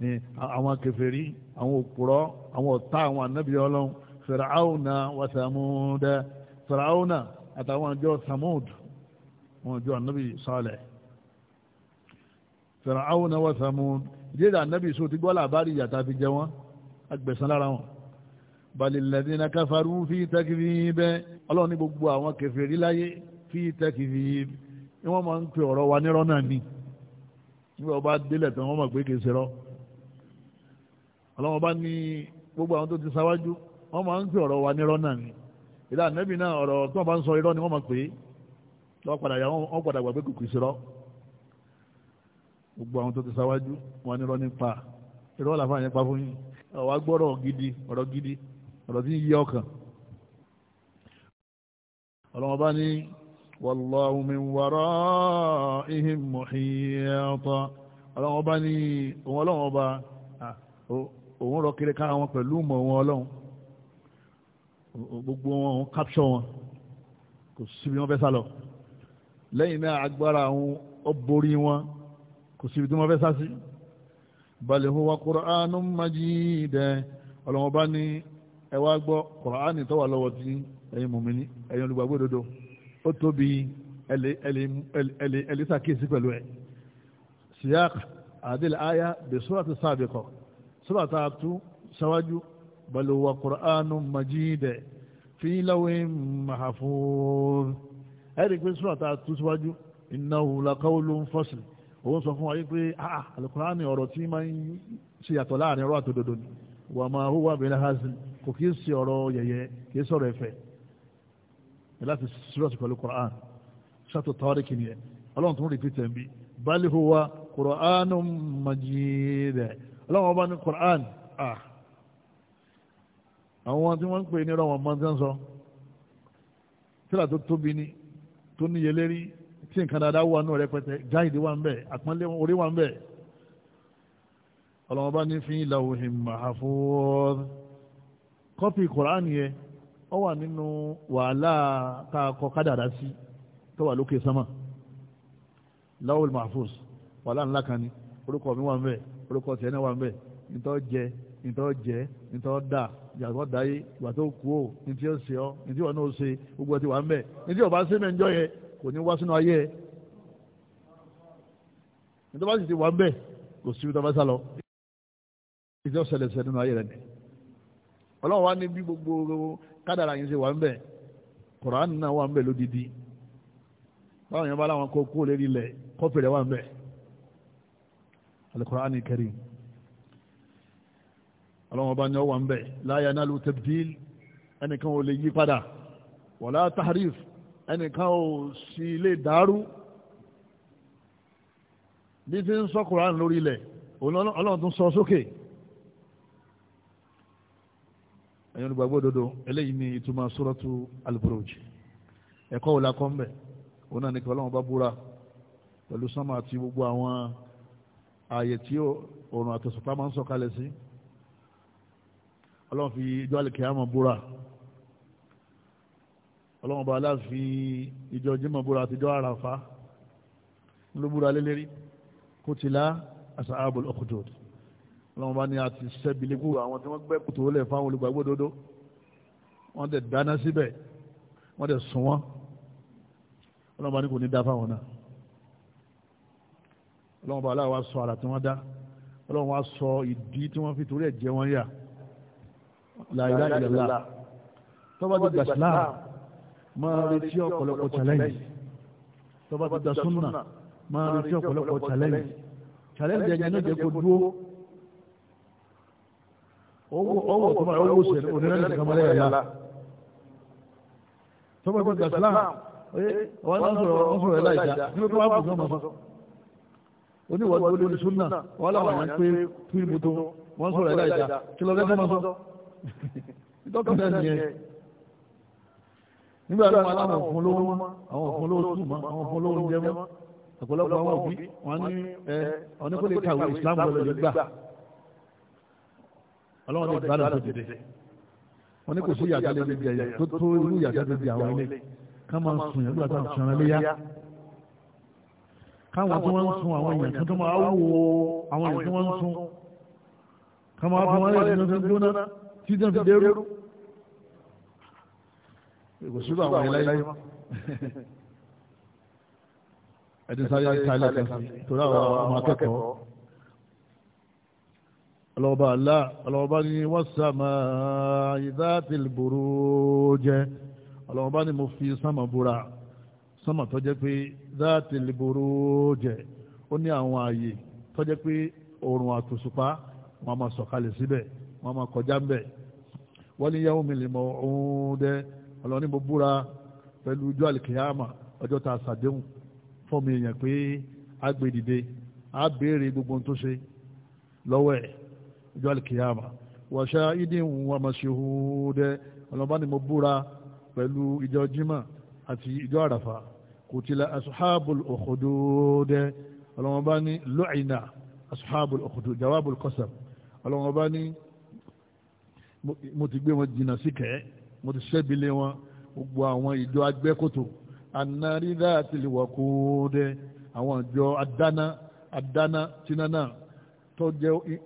[SPEAKER 1] ni àwọn kèfèrí àwọn òpùrọ́ àwọn ọ̀tá àwọn ànábì ọlọ́run fìràáùnà wa Samuda fìràáùnà àtàwọn àjọ Samud wọn àjọ ànábì Saleh fìràáùnà wa Samud ìdíyẹ̀dà ànábì sọ ti gbọ́ làbárí ìyàtà fi jẹ wọn agbẹ̀sán lára wọn balilladina kafaru fi takdhib ọlọ́run ní gbogbo àwọn kèfèrí láyé fi takdhib ni wọ́n máa ń pè ọ̀rọ̀ wa nírọ́ náà ni nígbà wọ́n bá délẹ̀ tán wọ́n mọ̀ pé kèsè rọ́ ọlọ́wọ́n bá ní gbogbo àwọn tó ti sáwájú wọ́n máa ń pè ọ̀rọ̀ wa nírọ́ náà ni ìlà nẹ́bí náà ọ̀rọ̀ tí wọ́n bá ń sọ irọ́ ni wọ́n máa pè é padà yà wọ́n padà gbàgbé kùkù ìṣirọ́ gbogbo àwọn tó ti sáwájú wọn nírọ́ nípa irọ́ làfáà yẹn pa fún yín ọ̀wá gbọ́rọ̀ gidi ọ̀rọ̀ gidi ọ̀rọ̀ tí ń yí ọkàn ọlọ́wọ́n bá ní òun rọ kiri kára wọn pẹ̀lú mọ̀ wọn ọlọ́run gbogbo wọn òun capture wọn kò síbi wọn fẹ́ sá lọ lẹ́yìn náà agbára àwọn ọborí wọn kò síbi tí wọ́n fẹ́ sá sí bal huwa qur'anun majid ọlọ́wọ́n bá ní ẹ wá gbọ́ kùránì tó wà lọ́wọ́ tí ẹ̀yin mùmíní ẹ̀yin olùgbàgbọ́ òdodo ó tóbi ẹ̀lẹ́sàkíyèsí pẹ̀lú ẹ̀ síyáàkì àdìlẹ̀ àyà bi surati sabiqa sura tá a tú ṣáwájú bal huwa qur'anun majid fi lawhin mahfuz ẹ̀rí pé sura tá a tú ṣáwájú innahu laqawlun fasl òun sọ fún wa pé alukur'an ọ̀rọ̀ tí máa ń ṣe yàtọ̀ láàrin ọ̀rọ̀ àtòdodo ni wa ma huwa bil hazl kò kí ṣe ọ̀rọ̀ yẹ̀yẹ́ kì í sọ̀rọ̀ ẹ̀fẹ̀ láti ṣúrọ̀tì pẹ̀lú Qur'an ṣàtò tàwárí kìíní ẹ̀ ọlọ́run tún rí pítẹ̀ bí bal huwa Qur'anun ọlọ́run ọba ní Qur'an àwọn tí wọ́n ń pè ní ọlọ́run ọmọ tí wọ́n sọ tíra tó tóbi ni tó níye lérí tí nǹkan dáadáa wà nù rẹpẹtẹ gáìdì wà ń bẹ àpọ́nlé orí wà ń bẹ ọlọ́run ọba ní fi lawhin mahfuz kọ́pì Qur'an yẹn ó wà nínú wàhálà tá a kọ kádàrá sí tó wà lókè sánmà lawul mahfuz wàhálà ńlá kan ni orúkọ mi wà ń bẹ́ẹ̀ orúkọ tiẹ̀ náà wà ń bẹ̀ nítọ́ jẹ nítọ́ jẹ nítọ́ dà yàtọ̀ dáyé ìgbà tó kú ò nítí o ṣe ọ́ nítí wọn náà ṣe gbogbo ti wà ń bẹ̀ nítí ọba ṣe mẹ́jọ yẹ kò ní wá sínú ayé ẹ nítọ́ bá sì ti wà ń bẹ̀ kò sí ibi tó bá sá lọ ìjọ ṣẹlẹ̀ ṣẹ nínú ayé rẹ ni ọlọ́run wa ní bí gbogbo kádàrà yìí ṣe wà ń bẹ̀ Kùránì náà wà ń bẹ̀ lódìdí báwọn yẹn bá láwọn kó kó lérí alukur'ani karim ọlọ́wọ́n bá ní ọwọ́ ń bẹ̀ láyà náà ló tabdil ẹnìkan ò lè yí padà wọ̀lá tahrif ẹnìkan ò sí ilé dàrú bí ti ń sọ kùránì lórí ilẹ̀ ọlọ́run tún sọ sókè ẹ̀yin olùgbàgbọ́ òdodo eléyìí ni ìtumọ̀ suratu al-Buruj ẹ̀kọ́ òlà kọ́ ń bẹ̀ òun náà ní kí ọlọ́run bá búra pẹ̀lú sánmà àti gbogbo àwọn ààyè tí òòrùn àtòṣùpá máa ń sọ̀kalẹ̀ sí ọlọ́run fi ijọ́ àlèkè àmọ́ búra ọlọ́run bá aláàfin ìjọ jímọ̀ búra àtijọ́ àràfá ló búra lélẹ́rí kó ti lá àṣà ààbòl ọkùtòd ọlọ́run bá ní àti sẹ́bìlì àwọn tí wọ́n gbẹ́ kùtò lẹ̀ fáwọn olùgbàgbọ́ dodo wọ́n dẹ̀ dáná síbẹ̀ wọ́n dẹ̀ sùn wọ́n ọlọ́run bá ní kò ní dá fáwọn náà ọlọ́run bá aláwọ̀ sọ ara tí wọ́n dá ọlọ́run wá sọ ìdí tí wọ́n fi torí ẹ̀ jẹ wọ́n yà la ilaha illallah tọ́ba ti gbà sílá máa retí ọ̀pọ̀lọpọ̀ challenge tọ́ba ti gbà súnà máa retí ọ̀pọ̀lọpọ̀ challenge challenge ẹ̀yẹ náà jẹ́ kó dúró ọwọ́ tó ọwọ́ sẹ̀rẹ̀ onírẹ́lẹ̀ nìkan mọ́lẹ́ ẹ̀yà tọ́ba ti gbà ọwọ́ sọ̀rọ̀ ọ̀sọ̀rọ̀ oníwàdí olè ní súnà wọn làwọn yẹn pé fíìmù tó wọn sọ̀rọ̀ ẹ̀dá ìjà kí lọ fẹ́ máa sọ dókítà nìyẹn nígbà tó wọn làwọn òfin lówó àwọn òfin lówó sùn mọ àwọn òfin lówó jẹ mọ ọ̀pọ̀lọpọ̀ àwọn òbí wọn ní ẹ ọ̀nẹ́kọ̀lẹ̀ kàwé Islam lọ́lọ́ lè gbà ọlọ́wọ́n lè gbádùn tó dìde
[SPEAKER 2] wọn ní kò sí yàtọ̀ lè di ẹ̀yà tó tó irú yàtọ̀ lè di àwọn ilé
[SPEAKER 1] ká máa sùn yàtọ̀ àti àwọn káwọn tí wọ́n ń sun àwọn èèyàn kan tó máa wò àwọn èèyàn tí wọ́n ń sun ká máa fún wọn lè gbóná tí náà fi dérú kò àwọn ìláyé ẹ̀dín sáré àtàlẹ̀ kan torí àwọn ọmọ akẹ́kọ̀ọ́ ọlọ́ọ̀bá alá ọlọ́ọ̀bá ní wọ́n sàmà ìdá tìlbùrú jẹ́ ọlọ́ọ̀bá ní mo fi sánmà búra sánmà tó jẹ́ pé dáàtì liboro jẹ ó ní àwọn ààyè tó jẹ́ pé oòrùn àtòṣùpá wọn máa sọ̀kalẹ̀ síbẹ̀ wọn máa kọjá ń bẹ̀ wọ́n ní yahoo mi lè mọ ohun dẹ ọlọ́ni mo búra pẹ̀lú ọjọ́ àlìkèyàmà ọjọ́ tá a ṣàdéhùn fún mi èèyàn pé a gbé dìde a béèrè gbogbo ohun tó ṣe lọ́wọ́ ẹ̀ ọjọ́ àlìkèyàmà wọ̀ṣá ìdíhùn wọn máa ṣe ohun dẹ ọlọ́ba ni mo búra pẹ̀lú ìjọ jimá àti ìjọ àràfà kùtìlà asuhabul òkòdòdè ọlọ́wọ́n bá ní lọ́ọ̀ìnà asuhabul òkòdòdè jawabul kọsàm ọlọ́wọ́n bá ní mo ti gbé wọn jìnnà sí kẹ́ mo ti ṣẹ́bilé wọn gbogbo àwọn ìjọ agbẹ́kòtò anárídá àtìlíwọ̀kúndé àwọn ìjọ adáná adáná tínánà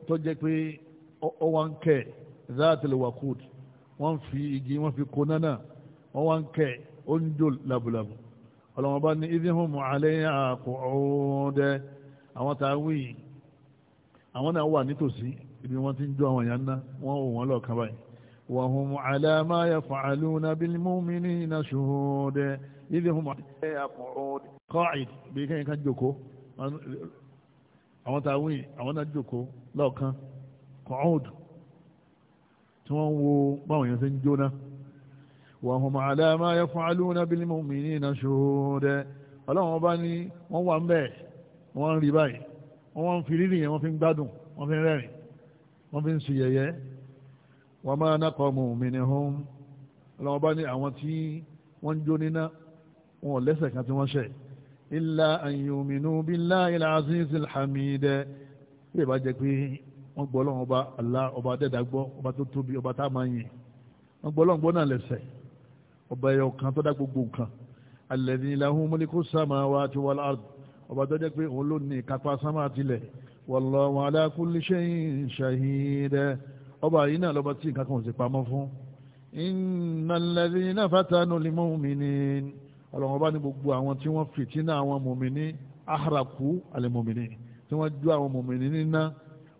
[SPEAKER 1] tó jẹ́ pé ọwọ́ ń kẹ́ záàtìlíwọ̀kúndé wọ́n fi igi wọ́n fi kóná náà wọ́n wá ọlọ́wọ́n bá ní idihun alẹ́ àkọ́ ọ̀ọ́dẹ àwọn tá a wí yìí àwọn náà wà nítòsí ibi wọ́n ti ń jó àwọn èèyàn ná wọ́n ò wọ́n lọ́ọ̀kan báyìí wa hum ala ma yaf'aluna bil mu'minina shuhud idihun alẹ́ àkọ́ ọ̀ọ́dẹ qa'id bí kẹ́yìn kan jòkó àwọn náà jòkó lọ́ọ̀kan kọ́ọ̀dù tí wọ́n ń wo báwọn èèyàn ṣe ń jóná. وهم على ما يفعلون بالمؤمنين شهود ọlọ́run ọba ní wọ́n wà ń bẹ̀ wọ́n ń rí báyìí wọ́n wọ́n ń fi rírì yẹn wọ́n fi ń gbádùn wọ́n fi ń rẹ́rìn wọ́n fi ń ṣe yẹ̀yẹ́ wa ma naqamu minhum ọlọ́run ọba ní àwọn tí wọ́n ń jó níná wọn ò lẹ́sẹ̀ kan tí wọ́n ṣẹ̀ illa an yu'minu billahi al-aziz al-hamid bí ìbá jẹ́ pé wọ́n gbọ́ ọlọ́run ọba Allah ọba dẹ́dàgbọ́ ọba tó tóbi ọba tá a máa yìn wọ́n gbọ́ ọlọ́run gbọ́ náà lẹ́sẹ̀ ọba ẹyọ kan tó dá gbogbo nǹkan alladhi lahu mulku samawati wal ard ọba tó jẹ́ pé òun ló ní kápá sámà tilẹ̀ wallahu ala kulli shay'in shahid ọba yìí náà lọ́ba tí nǹkan kan ò sì pamọ́ fún innal ladhina fatanu lil mu'minin ọlọ́wọ́n bá ní gbogbo àwọn tí wọ́n fìtínà àwọn mùmìnì ahraku al-mu'mini tí wọ́n ju àwọn mùmìnì níná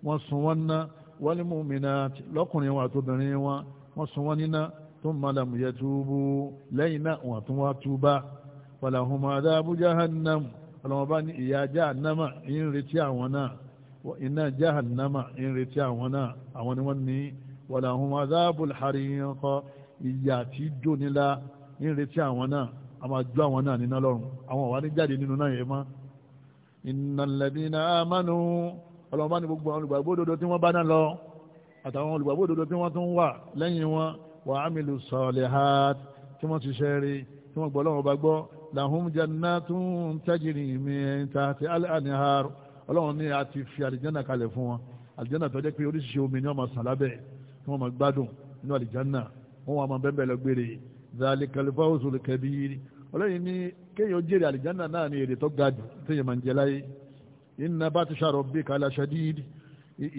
[SPEAKER 1] wọ́n sun wọ́n ná wal mu'minat lọ́kùnrin wọn àtòbìnrin wọn wọ́n sun wọ́n níná thumma lam yatubu lẹ́yìn náà wọ́n tún wá túbá falahum adhabu jahannam ọlọ́mọba ní ìyà jahannama ń retí àwọn náà iná jahannama ń retí àwọn náà àwọn ni wọ́n ní walahum adhabul hariq ìyà tí jónilá ń retí àwọn náà a máa jó àwọn náà níná lọ́rùn àwọn ọ̀wá ní jáde nínú náà yẹn mọ́ innal ladina amanu ọlọ́mọba ní gbogbo àwọn olùgbàgbọ́ òdodo tí wọ́n bá náà lọ àtàwọn olùgbàgbọ́ òdodo tí wọ́n tún wà lẹ́yìn wọn wa amilu salihat tí wọ́n ti ṣe rí tí wọ́n gbọ́ lọ́wọ́ bá gbọ́ lahum jannatun tajri min tahti al-anhar ọlọ́run ní a ti fi àlìjánà kalẹ̀ fún wọn àlìjánà tó jẹ́ pé oríṣiríṣi omi ni wọ́n máa sàn lábẹ́ tí wọ́n máa gbádùn nínú àlìjánà wọ́n wà máa bẹ́ẹ̀ lọ gbére zalikal fawzul kabir ọlọ́run ní kéèyàn jèrè àlìjánà náà ní èrè tó ga jù téèyàn máa ń jẹ láyé inna batisha rabbika la shadid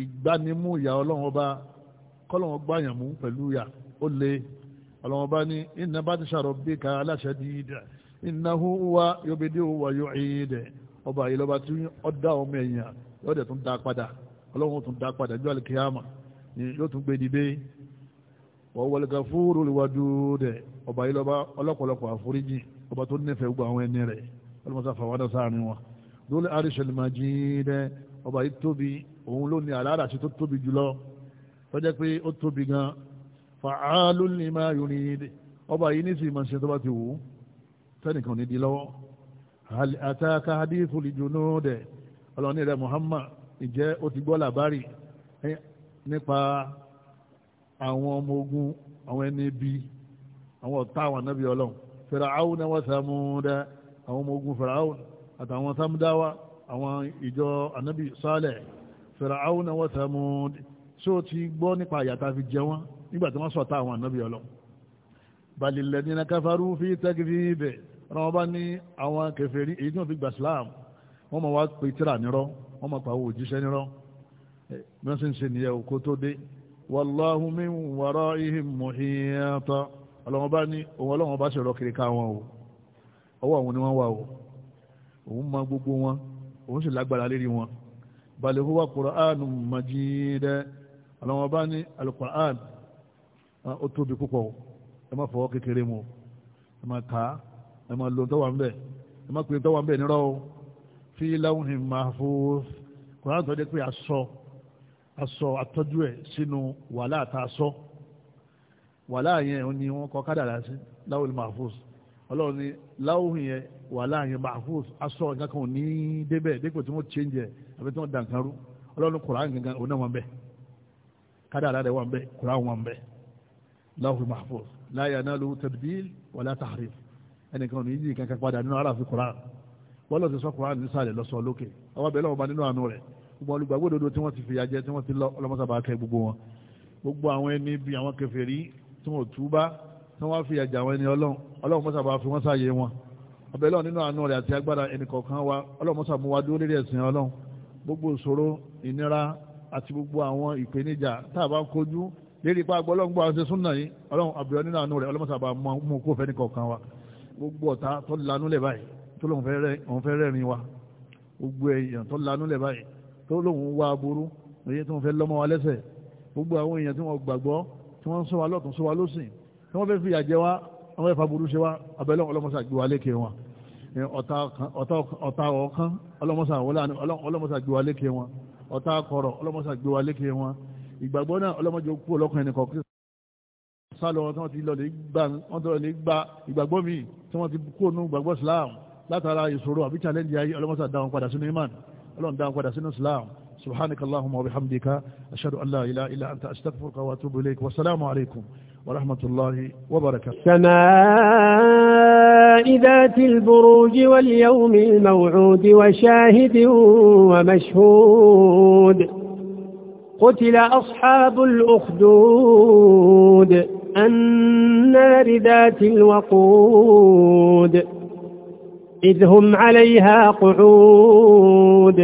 [SPEAKER 1] ìgbanimú ìyà ọlọ́run ọba kọ́lọ́run gbàyàn pẹ̀lú ìyà ó lè ọlọ́mọba ní iná bá ti ṣàrọ̀ bí ka aláṣẹ dídà iná huwa hu wa yóò ẹ̀yẹ́dẹ̀ ọba yìí tí ó dá ọmọ èèyàn yóò dẹ̀ tún dá padà ọlọ́run tún dá padà ju alikiyama yóò tún gbé dìde wọ́n wọlé ka fúru ọba yìí lọ́ba àforíjì ọba tó gbọ́ àwọn ẹni rẹ̀ fàálù ní máa yọ níyìí ọba yìí ní sì máa ṣe tó bá ti wù ú tẹ́nìkan ní di lọ́wọ́ àtàkà hadithu lè jóná dẹ̀ ọlọ́ni rẹ̀ Muhammad ìjẹ́ ó ti gbọ́ làbárì nípa àwọn ọmọ ogun àwọn ẹni bí àwọn ọ̀tá àwọn anábì ọlọ́run Fir'auna wa Samuda àwọn ọmọ ogun Fir'auna àtàwọn Samudawa àwọn ìjọ anábì Saleh Fir'auna wa Samud ṣó ti gbọ́ nípa àyàtà fi jẹ wọ́n nígbà tí wọ́n sọ̀tá àwọn ànábì ọlọ́ balilẹ̀ ní kafaru fi tẹ́gìrì ibẹ̀ ọ̀nà wọn bá ní àwọn kèfèrí èyí wọ́n fi gbà Islam wọ́n mọ̀ wọ́n mọ̀ pàwọ́ òjíṣẹ́ nírọ́ bí wọ́n sì ń ṣe nìyẹn òkú tó dé ọlọ́wọ́n bá ní òun ọlọ́wọ́n bá ká wọn o ọwọ́ àwọn ni o òun mọ gbogbo wọn òun sì lágbára lérí wọn bal huwa Qur'anun majid ọlọ́wọ́n bá ní Ah, ó tóbi púpọ̀ ẹ má fọwọ́ kékeré mu ẹ má kà á ẹ má lo tọ́wà ń bẹ̀ ẹ má pè tọ́wà ń nírọ́ o fi lawhin mahfuz kòrán tó dé pé aṣọ aṣọ àtọ́jú ẹ̀ sínú wàhálà àtàṣọ wàhálà yẹn ni wọ́n kọ kádàrá sí lawhin mahfuz ọlọ́run ni láwùhìn yẹn wà láàyè mahfuz aṣọ nǹkan kan ò ní débẹ̀ dípò tí wọ́n change ẹ̀ àbí tí wọ́n dànkan rú ọlọ́run kùrán gangan òun náà wọn bẹ̀ kádàrá rẹ̀ wọn bẹ̀ kùrán wọn bẹ̀ láhùn mahfuz láyà náà ló tadbil wala tahrif ẹnìkan ní yìí kankan padà nínú aráàfin koran bọ́lá ti sọ koran nísàlẹ̀ lọ́sọ̀ lókè ọba bẹ̀rẹ̀ ọba nínú àánú rẹ̀ gbogbo olùgbàgbọ́ òdodo tí wọ́n ti fìyà jẹ tí wọ́n ti lọ ọlọ́mọsàbà kẹ gbogbo wọn gbogbo àwọn ẹni bí àwọn kèfèrí tí wọ́n túbá tí wọ́n fìyà jẹ àwọn ẹni ọlọ́run ọlọ́run fi wọ́n lérí ipa agbọ́ ọlọ́run gbọ́ àwọn ṣe súnà yìí ọlọ́run àbúrò nínú àánú rẹ̀ ọlọ́mọṣà bá mú kó fẹ́ nìkọ̀ọ̀kan wa gbogbo ọ̀tá tó lanú lẹ̀ báyìí tó lóun fẹ́ rẹ́rin wa gbogbo èèyàn tó lanú lẹ̀ báyìí tó lóun wá aburú èyí tó ń fẹ́ lọ́mọ wa lẹ́sẹ̀ gbogbo àwọn èèyàn tí wọ́n gbàgbọ́ tí wọ́n ń sọ wa lọ́tún sọ wa lọ́sìn tí wọ́n fẹ́ fi àjẹ wa wọ́n fẹ́ fa burú ṣe wa abẹ́lẹ́ ọlọ́mọṣà gbé wa lékè wọn ọ̀tá ọ̀kan ọlọ́mọṣà gbé wa lékè wọn ọ̀tá akọ̀rọ̀ ọlọ́mọṣà wa lékè wọn ìgbàgbọ́ náà ọlọ́mọdé kú ọlọ́kùnrin nìkan kí sálọ wọn tí wọ́n ti lọ lè gba wọ́n tó lè gba ìgbàgbọ́ mi tí wọ́n ti kú ònú ìgbàgbọ́ Islam látara ìṣòro àbí challenge ayé ọlọ́mọdé dáhùn padà sínú iman ọlọ́run dáhùn padà sínú Islam subhanaka allahumma wa bihamdika ashhadu an la ilaha illa anta astaghfiruka wa atubu ilayk wa assalamu alaykum wa rahmatullahi wa barakatuh السماء ذات البروج واليوم الموعود وشاهد ومشهود قتل أصحاب الأخدود النار ذات الوقود إذ هم عليها قعود